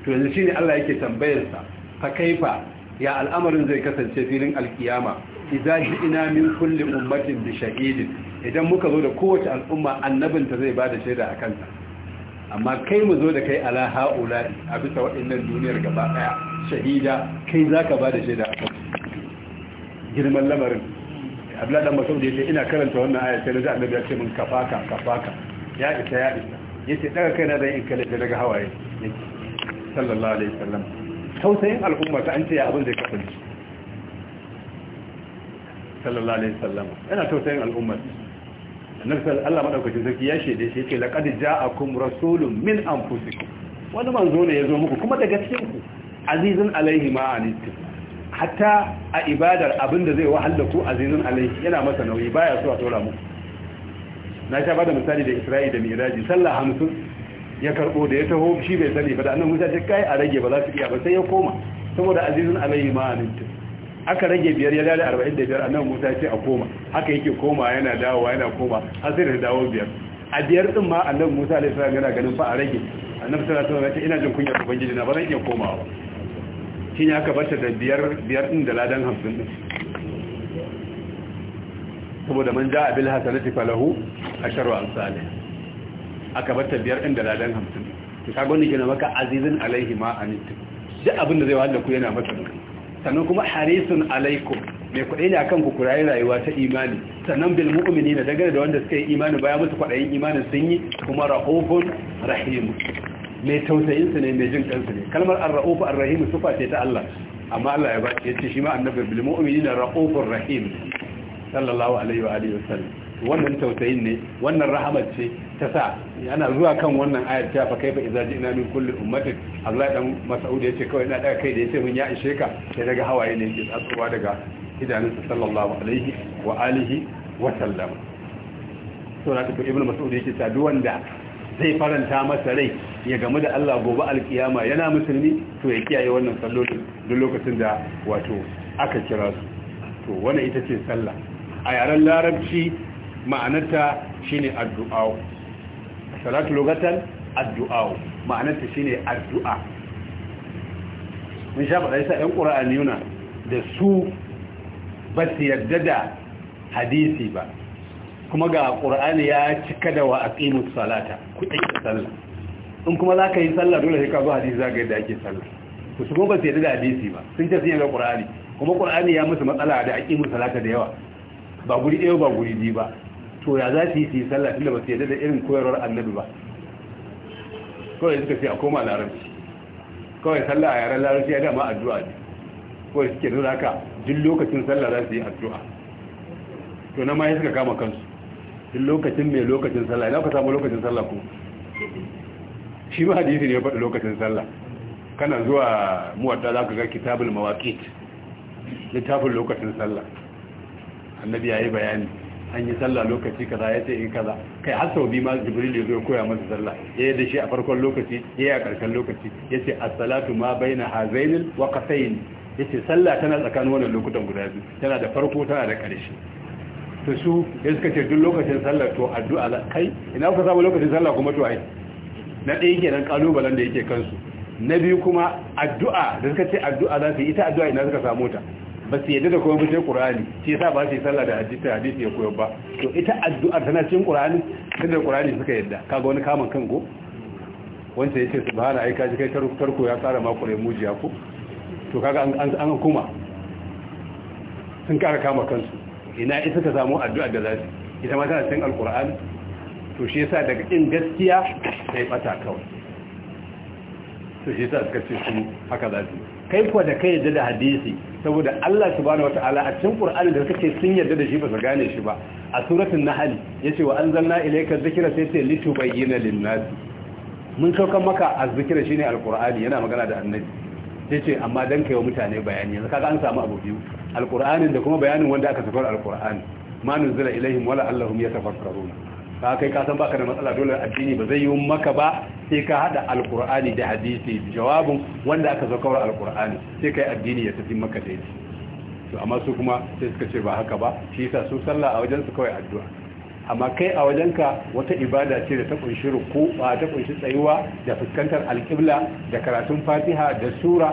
Speaker 1: to yanzu shine Allah yake tambayarsa sa fa kaifa ya al'amarin zai kasance filin alkiyama idza ina min kulli ummatin bi shahidin idan muka zo da kowace al'umma annabinta zai bada shaida a kanta amma kai mu zo da kai ala haula'i a bisa waɗannan duniyar gaba daya shahida kai zaka bada shaida a kanta girman lamarin abdullahi dan masaudi yace ina karanta wannan aya sai na ji annabi ya ce min kafaka kafaka ya isa ya isa yace daga kai kaina dan in kalle daga hawaye yake sallallahu alaihi wasallam tausayin al'umma ta an ce ya abin zai kasance sallallahu alaihi wasallam yana tausayin al'umma annabi sallallahu Allah madaukakin sarki ya shede shi yake laqad ja'akum rasulun min anfusikum wani manzo ne ya zo muku kuma daga cikin ku azizun alaihi ma anittum hatta a ibadar abinda zai wahal da ku azizun alaihi yana masa nauyi baya so a tsora muku na sha bada misali da isra'i da miraji sallah hamsin ya karbo da ya taho shi bai sani ba da annan musa ce kai a rage ba za su iya ba sai ya koma saboda azizun alaihi ma'aninta aka rage biyar ya dade 45 annan musa ce a koma haka yake koma yana dawowa yana koma har sai da dawo biyar a biyar din ma annan musa alaihi salam yana ganin fa a rage annabi sallallahu alaihi wasallam ya ce ina jin kunya ubangiji na ba zan iya komawa ba shine aka bata da biyar biyar din da ladan 50 din saboda man ja'a bil hasanati falahu asharu amsalih aka bar biyar inda ladan hamsin to kaga wannan kenan maka azizin alaihi ma anittu duk abin da zai wahala ku yana masa sannan kuma harisun alaikum mai kuɗi ne kan ku kurayi rayuwa ta imani sannan bil mu'mini da dangane da wanda suka yi imani baya musu kwaɗayin imanin sun yi kuma ra'ufun rahim mai tausayin su ne mai jin kansu ne kalmar ar-ra'ufu ar-rahim sufa ce ta Allah amma Allah ya ba ya ce shi ma annabi bil mu'mini da ra'ufur rahim sallallahu alaihi wa alihi wasallam wannan tausayin ne wannan rahama ce ta sa ana zuwa kan wannan ayat ta fa kaifa idza ji'na min kulli ummatin Allah dan Mas'ud yace kawai na daga kai da yace mun ya ishe ka sai daga hawaye ne yake tsatsowa daga idanunsa sallallahu alaihi wa alihi wa sallam to na tafi ibnu Mas'ud yace ta duk wanda zai faranta masa rai ya gamu da Allah gobe alkiyama yana musulmi to ya kiyaye wannan sallolin duk lokacin da wato aka kira su to wannan ita ce sallah a yaren larabci ma'anarta shine addu'a salatu lugatan addu'a ma'anarta shine addu'a mun sha faɗa yasa 'yan ƙura'an yuna da su ba su yarda da hadisi ba kuma ga Al-Qur'ani ya cika da wa aqimus salata ku ɗauki sallah in kuma za ka yi sallah dole sai ka zo hadisi za ka yadda ake sallah ku su kuma ba su yarda da hadisi ba sun ce sun yarda ƙura'ani kuma ƙura'ani ya musu matsala da aqimus salata da yawa ba guri ɗaya ba guri biyu ba to ya za su yi sallah tunda ba su yadda da irin koyarwar annabi ba kawai suka ce a koma larabci kawai sallah a yaren larabci ya dama addu'a ne kawai suke nuna haka duk lokacin sallah za su yi addu'a to na ma ya suka kama kansu duk lokacin mai lokacin sallah ina ka samu lokacin sallah ko shi ma hadisi ne ya faɗi lokacin sallah kana zuwa muwadda za ka ga kitabul mawaqit littafin lokacin sallah annabi yi bayani an yi sallah lokaci kaza ya ce in kaza kai har sau biyu ma jibril ya zo ya koya masa sallah ya yi da shi a farkon lokaci ya yi a ƙarshen lokaci ya ce assalatu ma bai na hazainin wa kasayin ya ce sallah tana tsakanin wannan lokutan guda biyu tana da farko tana da ƙarshe to su ya suka ce duk lokacin sallah to addu'a kai ina ku samu lokacin sallah kuma to ai na ɗaya kenan kalubalen da yake kansu na biyu kuma addu'a da suka ce addu'a za su yi ita addu'a ina suka samu ta ba su yadda da kuma mace ƙur'ani ce shi ba su yi sallah da hadisi hadisi ya koyar ba to ita addu'ar tana ƙur'ani qur'ani da ƙur'ani suka yadda kaga wani kamun kan go wanda su ba hana aika kai tarko ya tsara ma muji mujiya ko to kaga an an kuma sun kara kama kansu ina ita ta samu addu'ar da za su ita ma tana cin Alƙur'ani to shi yasa daga in gaskiya sai bata kawai to shi yasa suka ce su haka za su kai kuwa da kai yadda da hadisi saboda Allah subhanahu wata'ala a cikin Qur'ani da kake sun yarda da shi ba su gane shi ba a suratul nahl yace wa anzalna ilayka dhikra sai ce litubayyana lin-nas mun saukan maka azzikira shine alqur'ani yana magana da annabi yace amma dan kai wa mutane bayani yanzu kaga an samu abu biyu alqur'anin da kuma bayanin wanda aka safar alqur'ani ma nuzila ilaihim wala allahum yatafakkaruna ka kai ka san baka da matsala dole addini ba zai yi maka ba sai ka hada alkur'ani da hadisi jawabin wanda aka zo kawar alqur'ani sai kai addini ya tafi maka daidai to amma su kuma sai suka ce ba haka ba shi yasa su sallah a wajen su kawai addu'a amma kai a wajen ka wata ibada ce da ta kunshi ruku ba ta kunshi tsayuwa da fuskantar alƙibla da karatun fatiha da sura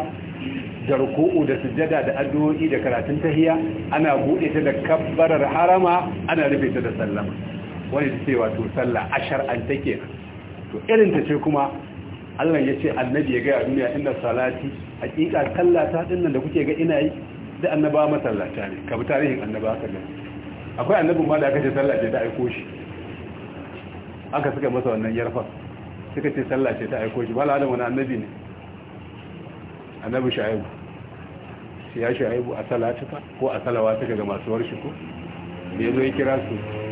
Speaker 1: da ruku'u da sujjada da addu'o'i da karatun tahiya ana buɗe ta da kabbarar harama ana rufe ta da sallama wani ta ce wato sallah ashar an ke to irin ta ce kuma Allah ya ce annabi ya gaya duniya inda salati hakika sallata din nan da kuke ga ina yi da annaba masallata ne ka bi tarihin annaba ne akwai annabi ma da aka ce sallah ce ta aiko shi aka suka masa wannan yarfa suka ce sallah ce ta aiko shi ba la'adan wani annabi ne annabi shu'aibu sai ya shu'aibu a salati ko a salawa suka ga masu warshi ko me yazo ya kira su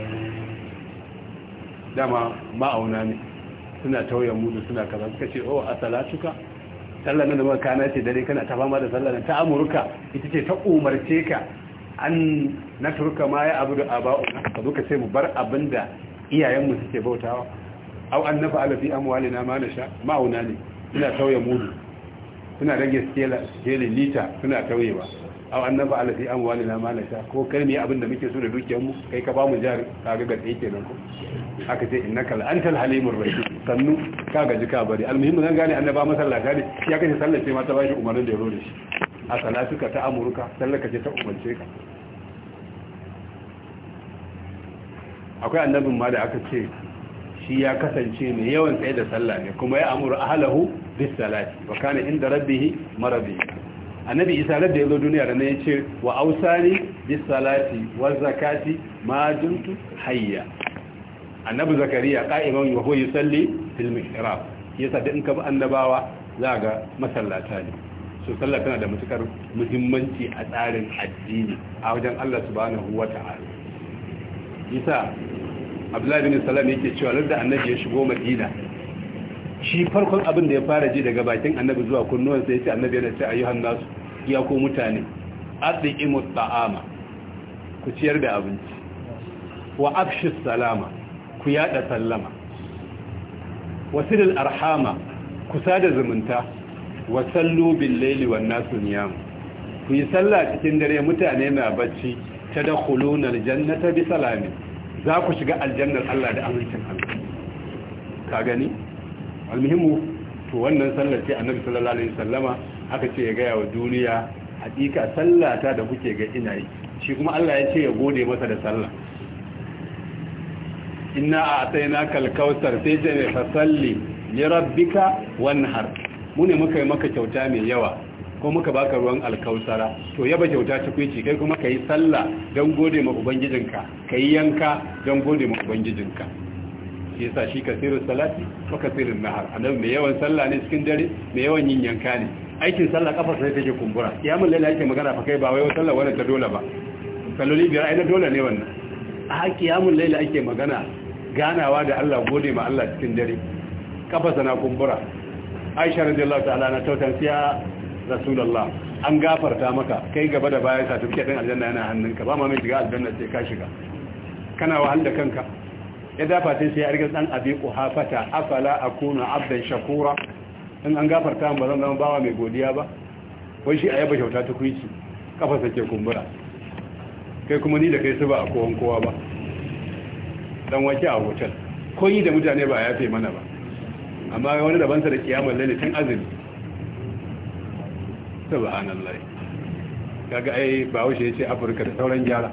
Speaker 1: dama ma'auna ne suna tauye mudu suna kaza suka ce oh a salatuka sallar nan da muka kana ce dare kana ta fama da sallar nan ta amurka ita ce ta umarce ka an na turka ma ya abu da aba'u ka zo ka ce mu bar abin da iyayenmu suke bautawa au an nafa alafi fi na ma sha ma'auna ne suna tauye mudu suna rage skela lita suna tauyewa aw annaba ala fi amwalina ma nasha ko kai ne abin da muke so da dukiyarmu mu kai ka bamu jari ka ga ga tsaye nan ko aka ce innaka an antal halimur rashid sannu ka gaji jika bari almuhimmu zan gane annaba masallata ne ya kace sallace ma ta bashi umarnin da ya rode shi a salatu ka ta amurka sallaka ce ta umarce ka akwai annabin ma da aka ce shi ya kasance mai yawan tsaye da sallah ne kuma ya amuru ahlahu bis salati wa kana inda rabbihi marabi annabi isa da ya zo duniya da na ya ce wa ausari bis salati wa zakati ma jintu hayya annabi zakariya qa'iman wa huwa yusalli fil mihrab yasa da in ka bi annabawa za ga masallata ne so sallah tana da matukar muhimmanci a tsarin addini a wajen Allah subhanahu wata'ala Isa Abdullahi bin Salam yake cewa da annabi ya shigo Madina shi farkon abin da ya fara ji daga bakin annabi zuwa kunnuwan sai ce annabi yana ce ayyuhan nasu ya ko mutane atiqimu ta'ama ku ciyar da abinci wa afshi salama ku yada sallama wasilil arhama ku sada zumunta wa sallu bil laili wan nasu niyam ku yi sallah cikin dare mutane na bacci tadkhuluna al jannata bi salamin za ku shiga aljannar Allah da amincin Allah ka gani almuhimmu to wannan sallar ce annabi sallallahu alaihi wasallama aka ce ya gaya wa duniya hakika ta da kuke ga ina yi shi kuma Allah ya ce ya gode masa da sallah inna a'tayna kal kautsar sai ce fa salli li rabbika wanhar mu ne muka yi maka kyauta mai yawa ko muka baka ruwan alkausara to yaba kyauta ta kuici kai kuma kai sallah don gode ma ubangijinka kai yanka dan gode ma ubangijinka shi yasa shi kasirun salati wa kasirun nahar annabi mai yawan sallah ne cikin dare mai yawan yin yanka ne aikin sallah kafar sai take kumbura kiyamul laila yake magana fa kai ba wai sallah wannan ta dole ba salloli biyar ai na dole ne wannan a kiyamul laila ake magana ganawa da Allah gode ma Allah cikin dare kafarsa na kumbura Aisha radiyallahu ta'ala na tautan siya Rasulullah an gafarta maka kai gaba da baya tuke din aljanna yana hannunka ba ma mai shiga aljanna sai ka shiga kana wahal da kanka ya dafa ta sai ya riga dan abi kuhafata afala akunu abdan shakura in an gafarta ba zan zama bawa mai godiya ba wai shi ayaba kyauta ta kuici kafa sake kumbura kai kuma ni da kai su ba a kowan kowa ba dan wake a hotel ko yi da mutane ba ya fe mana ba amma wani dabansa da kiyamar lalle tun azumi subhanallahi kaga ai ba wuce yace afirka da sauran gyara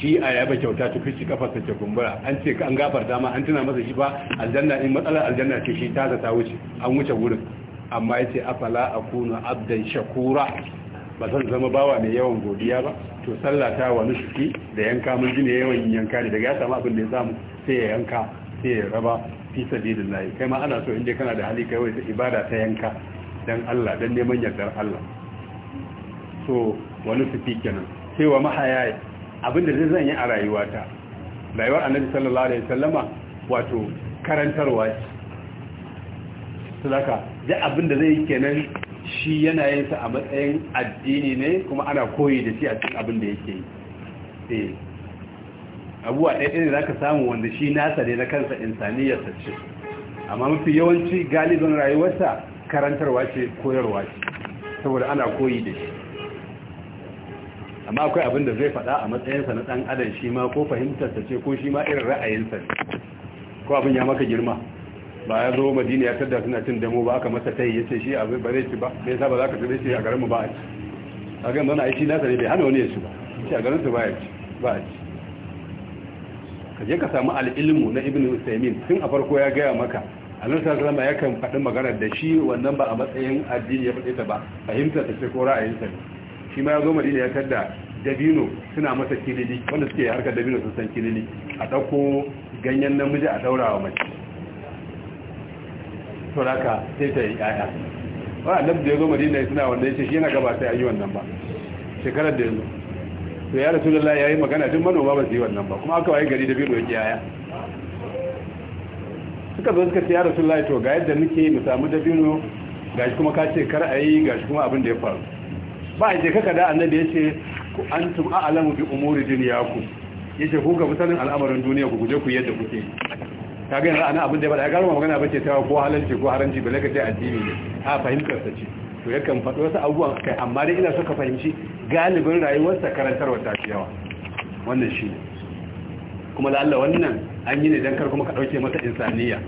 Speaker 1: shi a yaba kyauta ta shi kafarsa ta kumbura an ce an gafar dama an tuna masa shi ba aljanna in matsalar aljanna ce shi ta ta wuce an wuce wurin amma yace afala a kuna abdan shakura ba zan zama bawa mai yawan godiya ba to sallata wa shi da yanka mun jini yawan yanka ne daga ya samu abin da ya samu sai ya yanka sai ya raba fi sabilillahi kai ma ana so inda kana da hali kai wai ibada ta yanka dan Allah dan neman yardar Allah so wani sufi kenan sai wa mahaya abinda zai zan yi a rayuwata rayuwar annabi sallallahu alaihi wasallama wato karantarwa ce sadaka da abinda zai yi kenan shi yana yin sa a matsayin addini ne kuma ana koyi da shi a cikin abin da yake yi eh abuwa ɗaya ne za ka samu wanda shi nasa ne na kansa insaniyarsa ce amma mafi yawanci galibin rayuwarsa karantarwa ce koyarwa ce saboda ana koyi da shi amma akwai abin da zai faɗa a matsayinsa na ɗan adam shi ma ko fahimtar ta ce ko shi ma irin ra'ayinsa ne ko abin ya maka girma ba ya zo madina ya tadda suna cin damo ba aka masa tai yace shi abin ba zai ci ba me yasa ba za ka tare shi a garin mu ba a ci a ga mana aiki na sare bai hana wani ya ci ba shi a garin su ba ya ci ba a ci ka je ka samu al-ilmu na ibnu usaymin tun a farko ya gaya maka annabi sallallahu alaihi wasallam yakan faɗi magana da shi wannan ba a matsayin addini ya faɗe ta ba fahimta ta ce ko ra'ayinsa ne shi ma ya zo madina ya tadda dabino suna masa kilili wanda suke harkar dabino sun san kilili a ɗauko ganyen namiji a daura wa mace turaka sai ta yi yaya ba annabi da ya zo madina suna wanda ya ce shi yana gaba sai an yi wannan ba shekarar da yanzu to ya rasu lallai ya yi magana duk manoma ba su yi wannan ba kuma aka waye gari dabino ya yaya suka zo suka ce ya rasu lallai to ga yadda muke mu samu dabino gashi kuma ka ce kar a yi gashi kuma abin da ya faru ba je kaka da annabi ya ce ku a a'lamu bi umuri dunyakum yace ku ga sanin al'amarin duniya ku guje ku yadda kuke ta gani ra'ana abin da ba ya garma magana ba ce ta ko halarci ko haranci ba ce addini ne a fahimtar ta ce to ya kan faɗi wasu abubuwan kai amma dai ina so ka fahimci galibin rayuwarsa karantarwa ta fi yawa wannan shi kuma lalla wannan an yi ne don kar kuma ka ɗauke masa insaniya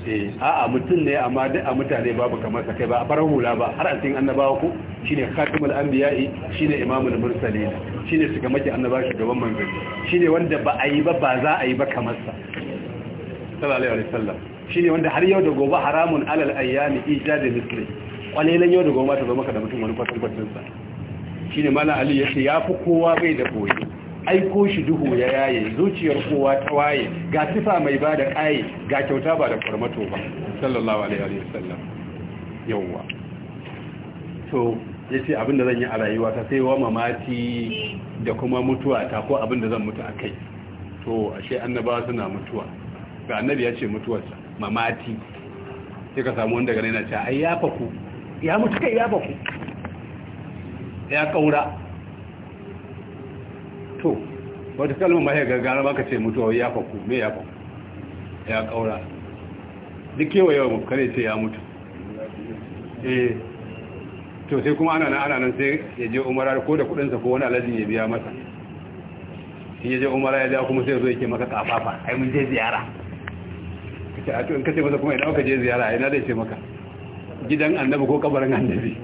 Speaker 1: a eh, a'a mutum ne amma duk a mutane babu kamar sa kai ba a farar hula ba har a cikin annabawa ku shine khatimul anbiya shine imamul mursalin shine suka maki annaba shugaban manzanni shine wanda ba a yi ba ba za a yi ba kamar sa sallallahu alaihi wasallam shine wanda har yau da gobe haramun alal ayyami ijad misli kwalelan yau da gobe ta zama maka da mutum wani kwatan sa shine malam ali yace fi kowa bai da koyi aiko shi duhu ya yaye zuciyar kowa ta waye ga sifa mai ba da ƙaye ga kyauta ba da farmato ba sallallahu alaihi wasallam yawwa to yace abin da zan yi a rayuwa ta sai wa mamati da kuma mutuwa ta ko abin da zan mutu akai to ashe annaba suna mutuwa ga annabi ya ce mutuwarsa mamati sai ka samu wanda gane na ce ai ya faku ya mutu kai ya faku ya kaura wata kalmar ba ya gargara ba ka ce mutuwa ya faku me ya faku ya kaura duk kewaye mu kare ce ya mutu eh to sai kuma ana nan ana nan sai ya je umara ko da kudinsa ko wani alajin ya biya masa shi ya je umara ya ja kuma sai zo yake maka kafafa ai mun je ziyara kace a to in kace masa kuma idan ka je ziyara ai na dai ce maka gidan annabi ko kabarin annabi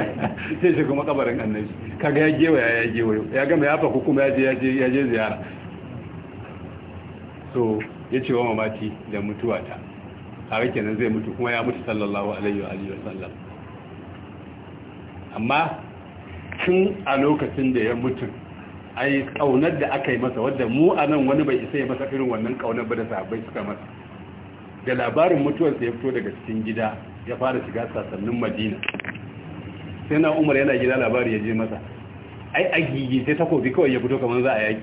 Speaker 1: sai shi kuma kabarin annabi kaga ya gewaya ya gewayo ya gama ya faku kuma ya je ziyara so ya ce wa mamaci da mutuwa ta tare kenan zai mutu kuma ya mutu sallallahu alaihi wa alihi wasallam amma tun a lokacin da ya mutu ai kaunar da aka yi masa wadda mu a nan wani bai isa ya masa irin wannan kaunar ba da sahabbai suka masa da labarin mutuwarsa ya fito daga cikin gida ya fara shiga sassanin madina sai na umar yana gida labari ya je masa ai a gigi sai takobi kawai ya fito kamar za a yaki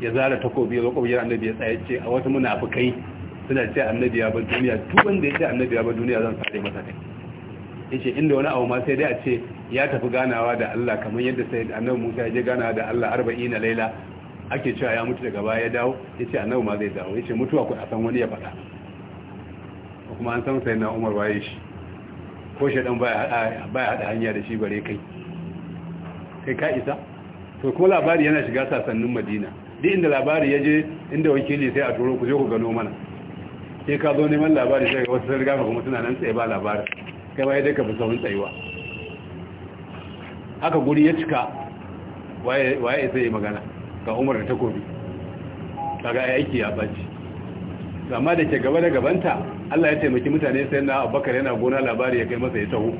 Speaker 1: ya zara takobi ya zo kawai annabi ya tsaye ce a wasu munafukai suna ce annabi ya bar duniya duk wanda ya ce annabi ya bar duniya zan sare masa kai ce inda wani abu ma sai dai a ce ya tafi ganawa da Allah kamar yadda sai annabi Musa ya je ganawa da Allah 40 na laila ake cewa ya mutu daga baya ya dawo ya ce annabi ma zai dawo Ya ce mutuwa ku a san wani ya faɗa kuma an san sai na umar waye shi ko shaidan baya haɗa hanya da shi bare kai kai ka isa to kuma labari yana shiga sasannin madina duk inda labari ya je inda wakili sai a turo ku je ku gano mana sai ka zo neman labari sai wasu sun riga kuma suna nan tsaye ba labarin kai baya dai ka fi saurin tsayuwa haka guri ya cika waye sai yi magana ga umar da takobi kaga aiki ya baci amma da ke gaba da gabanta Allah ya taimaki mutane sai na abubakar yana gona labari ya kai masa ya taho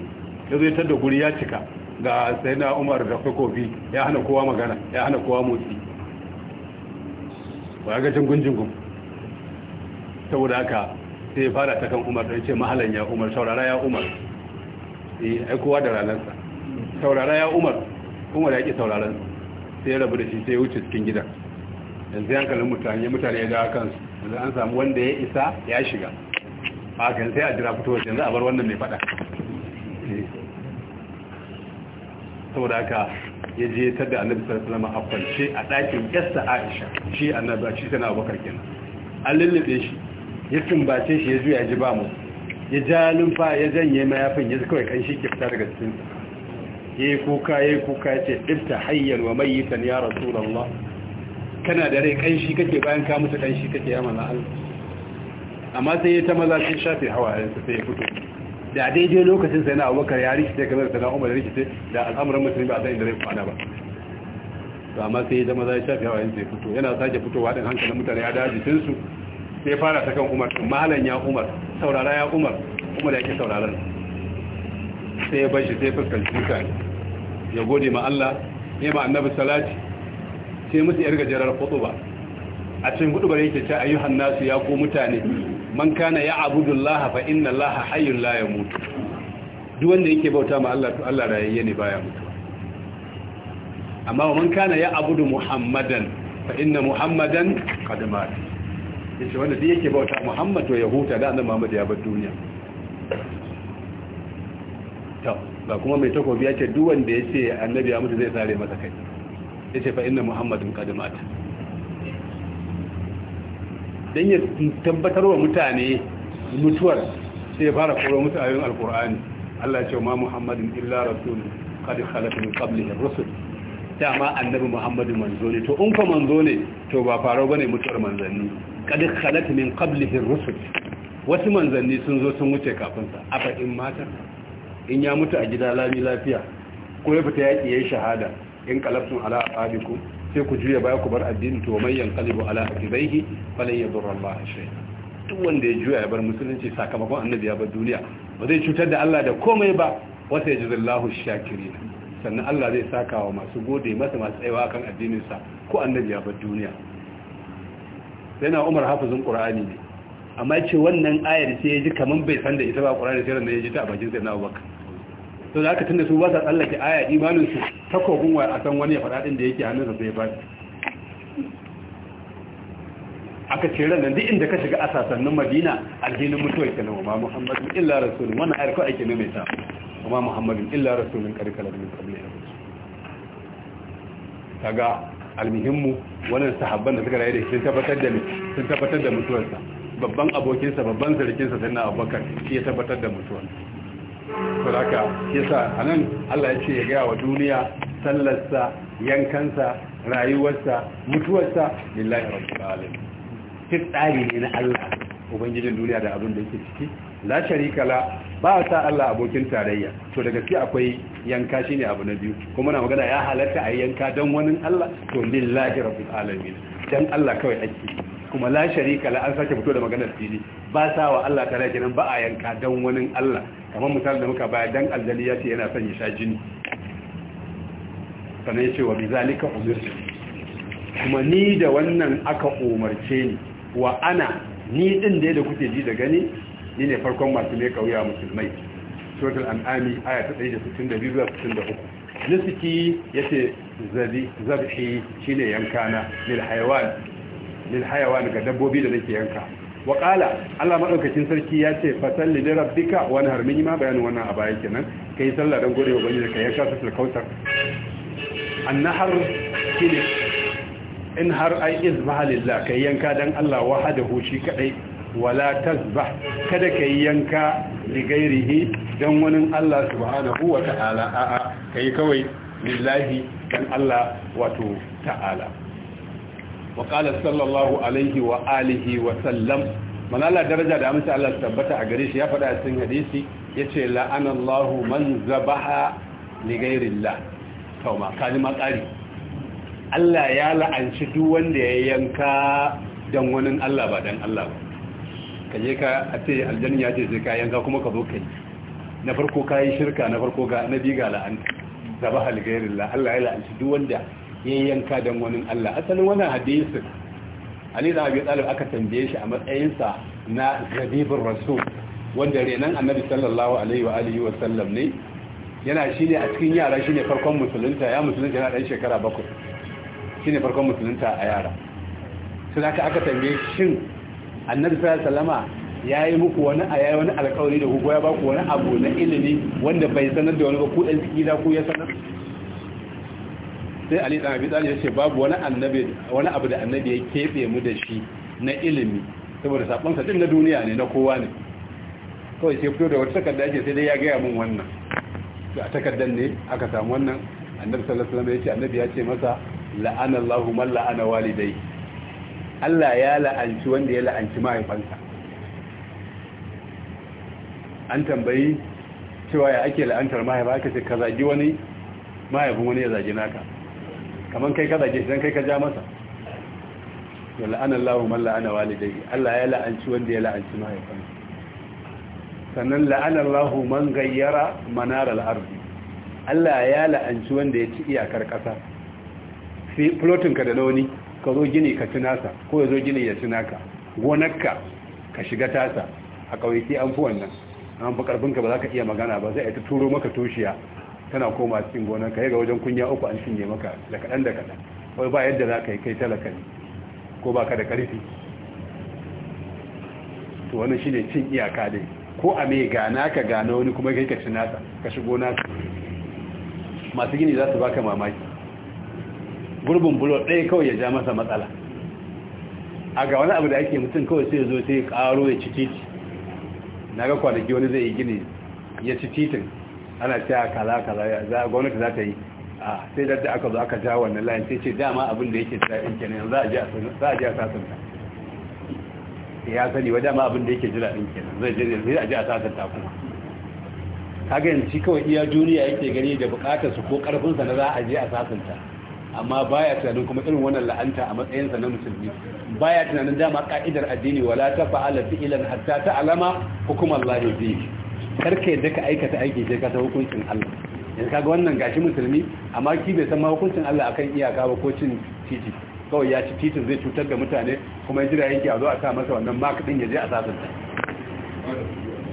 Speaker 1: ya zo ya da guri ya cika ga sai na umar da kofi ya hana kowa magana ya hana kowa motsi ba ga gunjin gunjingun saboda haka sai ya fara ta kan umar don ce mahalan ya umar saurara ya umar eh, ai kowa da ranarsa saurara ya umar umar ya ƙi sauraransa sai ya rabu da shi sai ya wuce cikin gidan yanzu yankalin mutane mutane ya dawa kansu yanzu an samu wanda ya isa ya shiga hakan sai a jira fitowar yanzu a bar wannan mai fada saboda haka ya je ta da annabi sallallahu alaihi a kwance a ɗakin 'yasta Aisha shi annabi shi tana bakar kenan an lullube shi ya tumbace shi ya juya ji ba mu ya ja lumfa ya janye mayafin ya kawai kan shi ke fita daga cikin ya yi kuka ya yi kuka ya ce ɗifta hayyar wa mayitan ya rasu da Allah kana da rai kan shi kake bayan ka mutu kan shi kake na Allah amma sai ya ta maza sun shafe hawayensa sai ya fito da daidai lokacin sai na abubakar ya rikice kamar da na umar ya rikice da al'amuran musulmi ba a zai da rai kwana ba to amma sai ya ta maza ya shafe hawayensa ya fito yana sake fitowa din hankalin mutane ya daji su sai fara ta kan umar mahalan ya umar saurara ya umar umar ya ke sauraron sai ya bashi sai fuskanci mutane ya gode ma Allah ya ma annabi salati sai musu yar gajerar khutuba a cikin gudubar yake ce ayyuhan nasu ya ku mutane man kana ya abudullah fa inna allaha hayyun la yamut duk wanda yake bauta ma Allah to Allah rayayye ne baya mutuwa amma man kana ya abudu muhammadan fa inna muhammadan qad mat yace wanda duk yake bauta muhammad to ya huta da annabi muhammad ya bar duniya to ba kuma mai takobi yace duk wanda yace annabi ya mutu zai sare masa kai yace fa inna muhammadan qad mat don ya tabbatar wa mutane mutuwar sai ya fara koro musu ayoyin alkur'ani Allah ya ce ma Muhammadin illa rasul qad khalat min qablihi ar-rusul dama annabi Muhammadu manzo ne to in ko manzo ne to ba faro bane mutuwar manzanni qad khalat min qablihi ar-rusul wasu manzanni sun zo sun wuce kafin sa aba in mata in ya mutu a gida lami lafiya ko ya fita yaki yayin shahada in qalabtum ala aqabikum sai ku juya baya ku bar addini to man yanqalibu ala akibaihi falan yadurra Allah shay'a duk wanda ya juya ya bar musulunci sakamakon annabi ya bar duniya ba zai cutar da Allah da komai ba wata yajzallahu shakirin sannan Allah zai saka wa masu gode masa masu tsayawa kan addinin sa ko annabi ya bar duniya sai na Umar hafizin Qur'ani ne amma ce wannan ayar sai ya ji kaman bai san da ita ba Qur'ani sai ran ya ji ta a bakin sai na Abubakar to da aka tunda su ba sa tsallake aya imanin su takobin wa a san wani ya faɗa ɗin da yake hannunsa sai ba aka ce ran duk inda ka shiga asasannin madina aljinin mutuwa ke nan wa muhammadin illa rasulun wannan ayar kawai ake nuna ta wa muhammadin illa rasulun karkalar min kabila ya rasu kaga almihimmu wannan sahabban da suka rayu da sun tabbatar da sun tabbatar da mutuwarsa babban abokinsa babban sarkinsa sannan abubakar shi ya tabbatar da mutuwarsa saboda yasa anan Allah ya ce ya ga wa duniya sallarsa yankansa rayuwarsa mutuwarsa lillahi rabbil alamin duk tsari ne na Allah ubangijin duniya da abin da yake ciki la sharika la ba ta Allah abokin tarayya to daga gaske akwai yanka shine abu na biyu kuma na magana ya halatta a yanka dan wani Allah to lillahi rabbil alamin dan Allah kawai ake kuma la sharika la an sake fito da maganar fili ba sa wa Allah ta kenan ba a yanka dan wani Allah kamar misalin da muka baya dan aljali ya ce yana son ya sha jini sannan ya ce wa bizalika umirtu kuma ni da wannan aka umarce ni wa ana ni din da kuke ji da gani ni ne farkon masu ne kauya musulmai suratul an'ami aya ta 162 zuwa 63 nisiki yace zabi zabhi shine yankana lil hayawan lil hayawan ga dabbobi da nake yanka waƙala. Allah maɗaukacin sarki ya ce fasalli li rabbika wa nahar ma bayanin wannan a baya kenan kai sallah don gode wa bani da kai yanka sa kautar annahar shine in har ai izbah lillah kai yanka dan Allah wahdahu shi kadai wala tasbah kada yi yanka li don dan wani Allah subhanahu wa ta'ala a'a kai kawai lillahi don Allah wato ta'ala wa qala sallallahu alaihi wa alihi wa sallam manala daraja da amsa Allah tabbata a gare shi ya faɗa a cikin hadisi yace la'anallahu man zabaha li ghairillah to ma kaji makari Allah ya la'anci duk wanda ya yanka dan wani Allah ba dan Allah ba kaje ka a ce aljanna ya ce sai ka yanka kuma ka zo kai na farko kayi shirka na farko ga na biyu ga la'anta zabaha li ghairillah Allah ya la'anci duk wanda yanka don wani Allah asalin wani hadisin alisa abu ya Talib aka tambaye shi a matsayinsa na zabibin rasu wanda renan Annabi sallallahu alaihi wa alihi wa sallam ne yana shine a cikin yara shine farkon musulunta ya musulunta yana dan shekara bakwai shine farkon musulunta a yara su aka aka tambaye shin Annabi sallallahu alaihi wa muku wani yayi wani alƙawari da ku ya ba ku wani abu na ilimi wanda bai sanar da wani ba ku ɗan tsira ku ya sanar sai ali dan abi talib yace babu wani annabi wani abu da annabi ya kebe mu da shi na ilimi saboda sabon sa din na duniya ne na kowa ne kawai sai fito da wata takarda yake sai dai ya gaya mun wannan To a takardan ne aka samu wannan annabi sallallahu alaihi wasallam ce annabi ya ce masa la'ana Allahu man la'ana walidai Allah ya la'anci wanda ya la'anci mahaifansa an tambayi cewa ya ake la'antar mahaifa aka ce ka zagi wani mahaifin wani ya zagi naka kamar kai ka zage don kai ka ja masa wa la'anar lahu man la'ana walidai Allah ya la'anci wanda ya la'anci mahaifan sannan la'anar lahu man gayyara manarar arzi Allah ya la'anci wanda ya ci iyakar ƙasa sai ka da launi, ka zo gini ka ci nasa ko ya zo gini ya ci naka gonarka ka shiga tasa a ƙauyaki an fi wannan an fi ƙarfinka ba za ka iya magana ba zai ta turo maka tushiya tana koma cikin gonan ka ga wajen kunya uku an cinye maka da kaɗan da kaɗan wai ba yadda za ka yi kai talaka ne ko ba ka da ƙarfi to wani shi ne cin iyaka dai ko a mai gana ka gana wani kuma kai ka ci nasa ka shigo nasa masu gini za su baka mamaki gurbin bulo ɗaya kawai ya ja masa matsala a ga wani abu da ake mutum kawai sai zo sai ya ƙaro ya ci titi na ga kwanaki wani zai yi gini ya ci titin ana cewa kala-kala, za gwamnati za ta yi a sai da aka zo aka ja wannan layin sai ce dama abin da yake jira ɗin kenan za a ji a sasanta ya sani wa dama abin da yake jira ɗin kenan zai je a ji a sasanta kuma kaga yanzu shi kawai iya duniya yake gani da bukatar su ko karfinsa na za a je a sasanta amma baya tunanin kuma irin wannan la'anta a matsayinsa na musulmi baya tunanin dama ka'idar addini wala ta fa'ala fi'lan hatta ta alama hukumar lahi bihi karka yadda ka aikata aiki sai ka ta hukuncin Allah yanzu kaga wannan gashi musulmi amma ki bai san ma hukuncin Allah akan iyaka ba ko cin titi kawai ya ci titin zai cutar da mutane kuma ya jira yake a zo a sa masa wannan mark din ya je a sasanta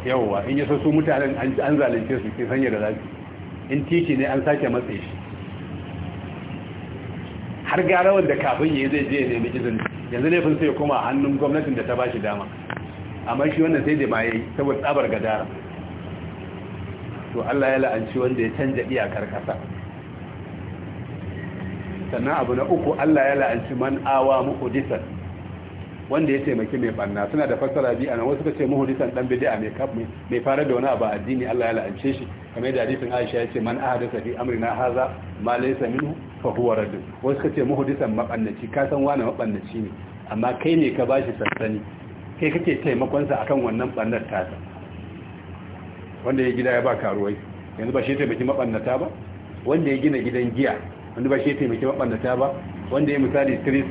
Speaker 1: yawwa in ya so su mutanen an zalunce su ke sanya da zafi in titi ne an sake matse shi har gara wanda kafin yayi zai je ne nemi izini yanzu laifin sai kuma koma hannun gwamnatin da ta bashi dama amma shi wannan sai da ma yayi saboda tsabar gadara to Allah ya la'anci wanda ya canja iyakar kasa sannan abu na uku Allah ya la'anci man awa muhudisan wanda ya taimaki mai banna suna da fassara bi ana wasu kace muhudisan dan bid'a mai kaf mai fara da wani abu addini Allah ya la'ance shi kamar da hadisin Aisha yace man ahdatha fi amrina hadha ma laysa minhu fa huwa radd wasu kace muhudisan mabannaci ka san wani mabannaci ne amma kai ne ka bashi sassani kai kake taimakon sa akan wannan bannar tasa wanda ya gida ya ba karuwai yanzu ba shi ya taimaki mabannata ba wanda ya gina gidan giya wanda ba shi ya taimaki mabannata ba wanda ya misali three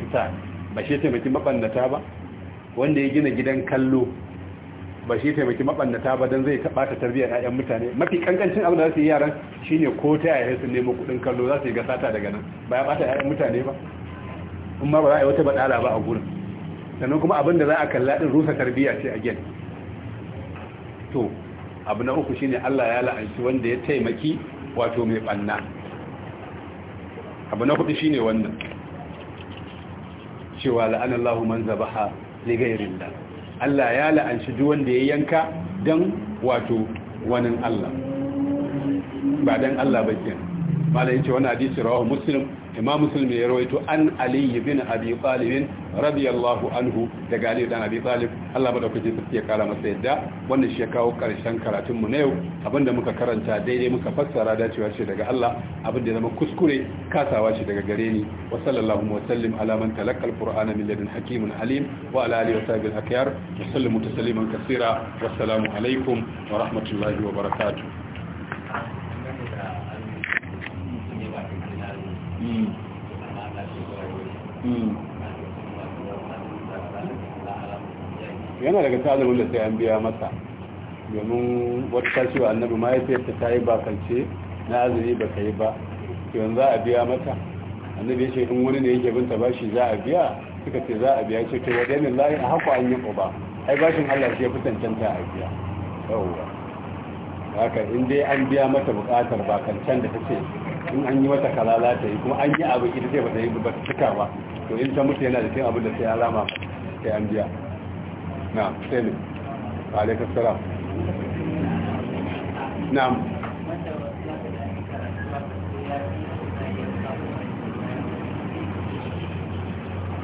Speaker 1: ba shi ya taimaki mabannata ba wanda ya gina gidan kallo ba shi taimaki mabannata ba don zai taɓa ta tarbiyyar 'ya'yan mutane mafi kankancin abin da za su yi yaran shine ko ta yaya su nemo kuɗin kallo za su yi gasata daga nan ba ya ɓata 'ya'yan mutane ba in ma ba za a yi wata baɗala ba a gurin sannan kuma abin da za a kalla ɗin rusa tarbiyya ce a gen to abu na uku shine Allah ya la'anci wanda ya taimaki wato mai banna abu na hudu shine wannan cewa la'ana Allahu man zabaha li ghayrillah Allah ya la'anci duk wanda ya yanka dan wato wanin Allah ba dan Allah ba kenan malai yace wannan hadisi rawahu muslim imam muslim ya rawaito an ali ibn abi talib radiyallahu anhu daga ali dan abi talib Allah madaukaki sarki ya kara masa yadda wannan shi ya kawo karshen karatun mu na yau abinda muka karanta daidai muka fassara dacewa shi daga Allah abinda zama kuskure kasawa shi daga gare ni wa sallallahu wa sallim ala man talaqa alqur'ana min ladun hakimin alim wa ala alihi wa sahbihi al wa sallimu tasliman kaseera wa assalamu alaikum wa rahmatullahi wa barakatuh
Speaker 2: Hmm.
Speaker 1: yana daga talimin da sai an biya mata domin wata tashi wa annabi mahaifiyarta ta yi bakance na azumi ba ka yi ba yanzu za a biya mata annabi ya ce in wani ne yake binta bashi za a biya suka ce za a biya ce to wadda yanin layi a haku an yi ba ai bashin allah shi ya fi cancanta a biya yawwa haka in dai an biya mata bukatar bakancen da ta ce in an yi wata kalala ta yi kuma an yi abu ita ce ba ta yi ba ta cika ba to in ta mutu yana da cin abin da sai alama yi an biya na sai ne na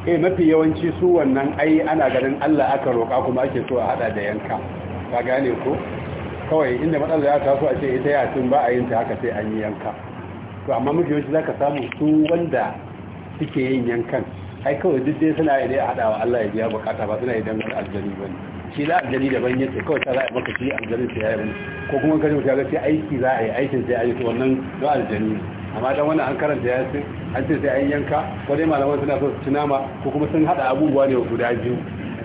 Speaker 1: e mafi yawanci su wannan ai ana ganin allah aka roƙa kuma ake so a hada da yanka ka gane ko kawai inda matsala ya taso a ce ita yasin ba a yin ta haka sai an yi yanka to amma mafi yawanci za ka samu su wanda suke yin yankan ai kawai duk dai suna yi dai a haɗawa Allah ya biya bukata ba suna yi don wani aljani ba ne shi za aljani daban yake kawai ta za a maka shi aljani sai ya yi ko kuma kan mutu ya gaske aiki za a yi aikin sai a yi wannan don aljani ne amma dan wannan an karanta ya ce an ce sai an yanka ko dai malaman suna so su ci nama ko kuma sun haɗa abubuwa ne guda biyu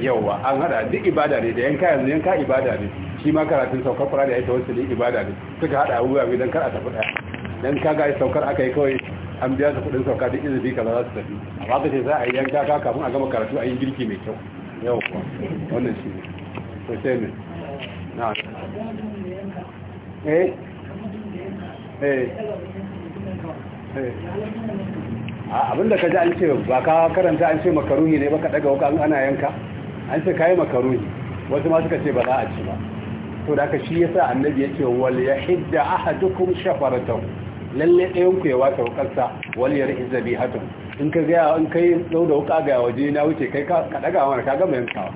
Speaker 1: yauwa an haɗa duk ibada ne da yanka yanzu yanka ibada ne shi ma karatun saukar fara da ya ta wasu ibada ne suka haɗa abubuwa ne don kar a tafi ɗaya. dan kaga ai saukar aka yi kawai an biya su kudin sauka duk izini kaza za su tafi amma ka ce za a yi yanka ka kafin a gama karatu a yi girki mai kyau yau kuwa wannan shi ne to sai ne na
Speaker 2: eh eh
Speaker 1: eh abinda ka ji an ce ba ka karanta an ce makaruni ne ba ka daga wuka ana yanka an ce yi makaruni wasu ma suka ce ba za a ci ba to da ka shi yasa annabi ya ce wal yahidda ahadukum shafaratahu lalle ɗayan ku ya wata wukarsa waliyar izabi hatun in ka gaya in kai dau da wuka ga waje na wuce kai ka ɗaga wani ka gama yankawa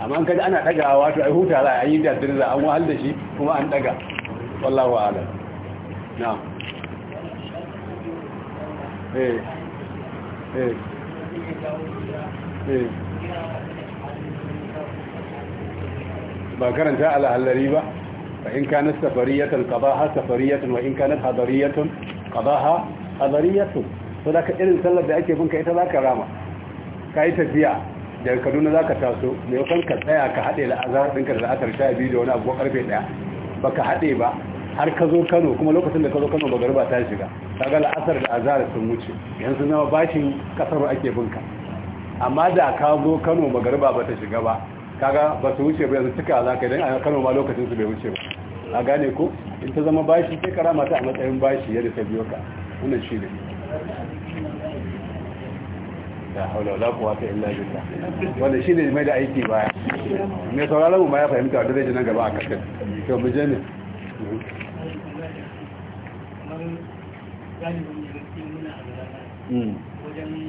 Speaker 1: amma in ka ji ana ɗaga wato ai huta za a yi da dirza an wahal da shi kuma an ɗaga wallahu ala na
Speaker 2: eh. eh. eh. ba karanta
Speaker 1: ala hallari ba فإن كانت سفرية قضاها سفرية وإن كانت حضرية قضاها حضرية فذاك إذن سلب دعيك يكون كإيتا ذاك راما كإيتا فيها daga kaduna za ka taso mai kan ka tsaya ka haɗe la'azar ɗinka da la'atar sha biyu da wani abu ƙarfe ɗaya ba ka haɗe ba har ka zo kano kuma lokacin da ka zo kano ba ta shiga kaga da azar wuce yanzu amma da ka zo kano ba ta shiga ba kaga ba su wuce ba yanzu cika za ka idan a kano ma lokacin su bai wuce ba a gane ko in ta zama bashi sai kara ta a matsayin bashi yadda ta biyo ka wannan shi ne da haula kuwa ta illa jinta wanda shi ne mai da aiki baya mai sauraron mu ma ya fahimta da zai nan gaba a kasar to mu je ne wajen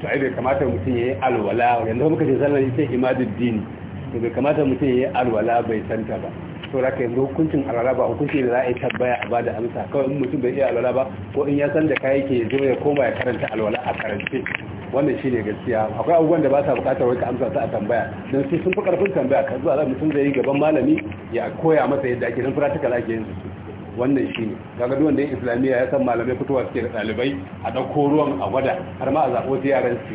Speaker 1: to ai bai kamata mutum yayi alwala yanzu muka ce sallar sai dini to bai kamata mutum yayi alwala bai santa ba to da yanzu hukuncin alwala ba hukunci da za a yi tabbaya a bada amsa kawai in mutum bai iya alwala ba ko in ya san da kayi ya zo ya koma ya karanta alwala a karance wannan shine gaskiya akwai abubuwan da ba sa bukatar wai ka amsa su a tambaya don su sun fi karfin tambaya ka zuwa mutum zai yi gaban malami ya koya masa yadda ake don practical ake yin su wannan shi ne daga duwanda yin islamiyya ya san malamai fitowa suke da ɗalibai a ɗauko ruwan a gwada har ma a zaɓo ta yaran su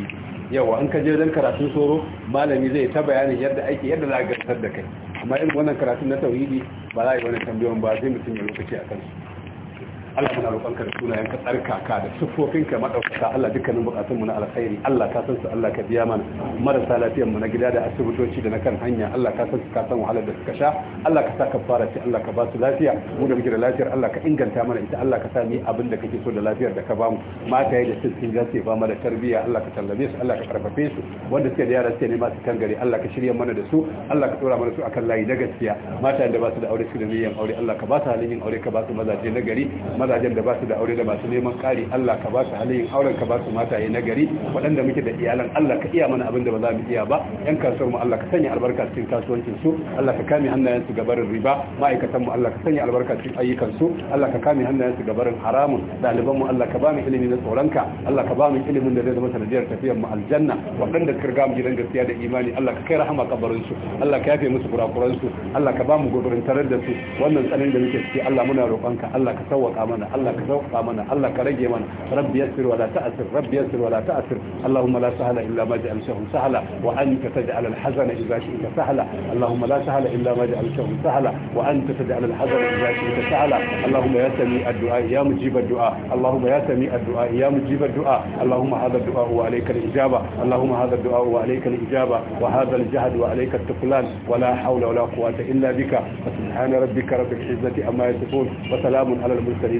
Speaker 1: yawa an ka je don karatun soro malami zai ta bayanin yadda ake yadda za a gasar da kai amma irin wannan karatun na tauhidi ba za a yi wannan tambayon ba zai mutum ya lokaci a kansu Allah muna roƙonka da sunayen ka tsarkaka da siffofinka madaukaka Allah dukkanin bukatun mu na alkhairi Allah ka san su Allah ka biya mana marasa lafiyar mu na gida da asibitoci da na kan hanya Allah ka san su ka san wahalar da suka sha Allah ka sa kafara ce Allah ka ba su lafiya mu da muke da lafiyar Allah ka inganta mana ita Allah ka sa mu abin da kake so da lafiyar da ka ba mu mataye da sun za su ba mu da tarbiyya Allah ka tallabe su Allah ka karfafe su wanda suke da yara suke nema su gari Allah ka shirya mana da su Allah ka dora mana su akan layi na gaskiya mata da ba su da aure su da niyyar aure Allah ka ba su halin yin aure ka ba su mazaje na gari mazajen da ba su da aure da ba su neman kari Allah ka ba su halayen auren ka ba su mataye na gari waɗanda muke da iyalan Allah ka iya mana abin da ba za mu iya ba yan kasuwar mu Allah ka sanya albarka cikin kasuwancin su Allah ka kame hannayen su gabarin riba ma'aikatan mu Allah ka sanya albarka cikin ayyukan su Allah ka kame hannayen su gabarin haramun ɗaliban mu Allah ka ba mu ilimi na tsoronka Allah ka ba mu ilimin da zai zama sanadiyar tafiyar mu aljanna waɗanda ka riga mu gidan gaskiya da imani Allah ka kai rahama kabarin su Allah ka yafe musu kurakuran su Allah ka ba mu gudurin tarar da su wannan tsanin da muke ciki Allah muna roƙonka Allah ka sauwaka مانا الله كفوق مانا الله كرجي مانا رب يسر ولا تأسر رب يسر ولا تأسر اللهم لا سهل إلا ما جعلتهم سهلا وأنت تجعل الحزن إذا شئت سهلا اللهم لا سهل إلا ما جعلتهم سهلا وأنت تجعل الحزن إذا شئت سهلا اللهم يا سميع الدعاء يا مجيب الدعاء اللهم يا سميع الدعاء يا مجيب الدعاء اللهم هذا الدعاء وعليك الإجابة اللهم هذا الدعاء وعليك الإجابة وهذا الجهد وعليك التفلان ولا حول ولا قوة إلا بك فسبحان ربك رب
Speaker 2: العزة أما يصفون وسلام على المرسلين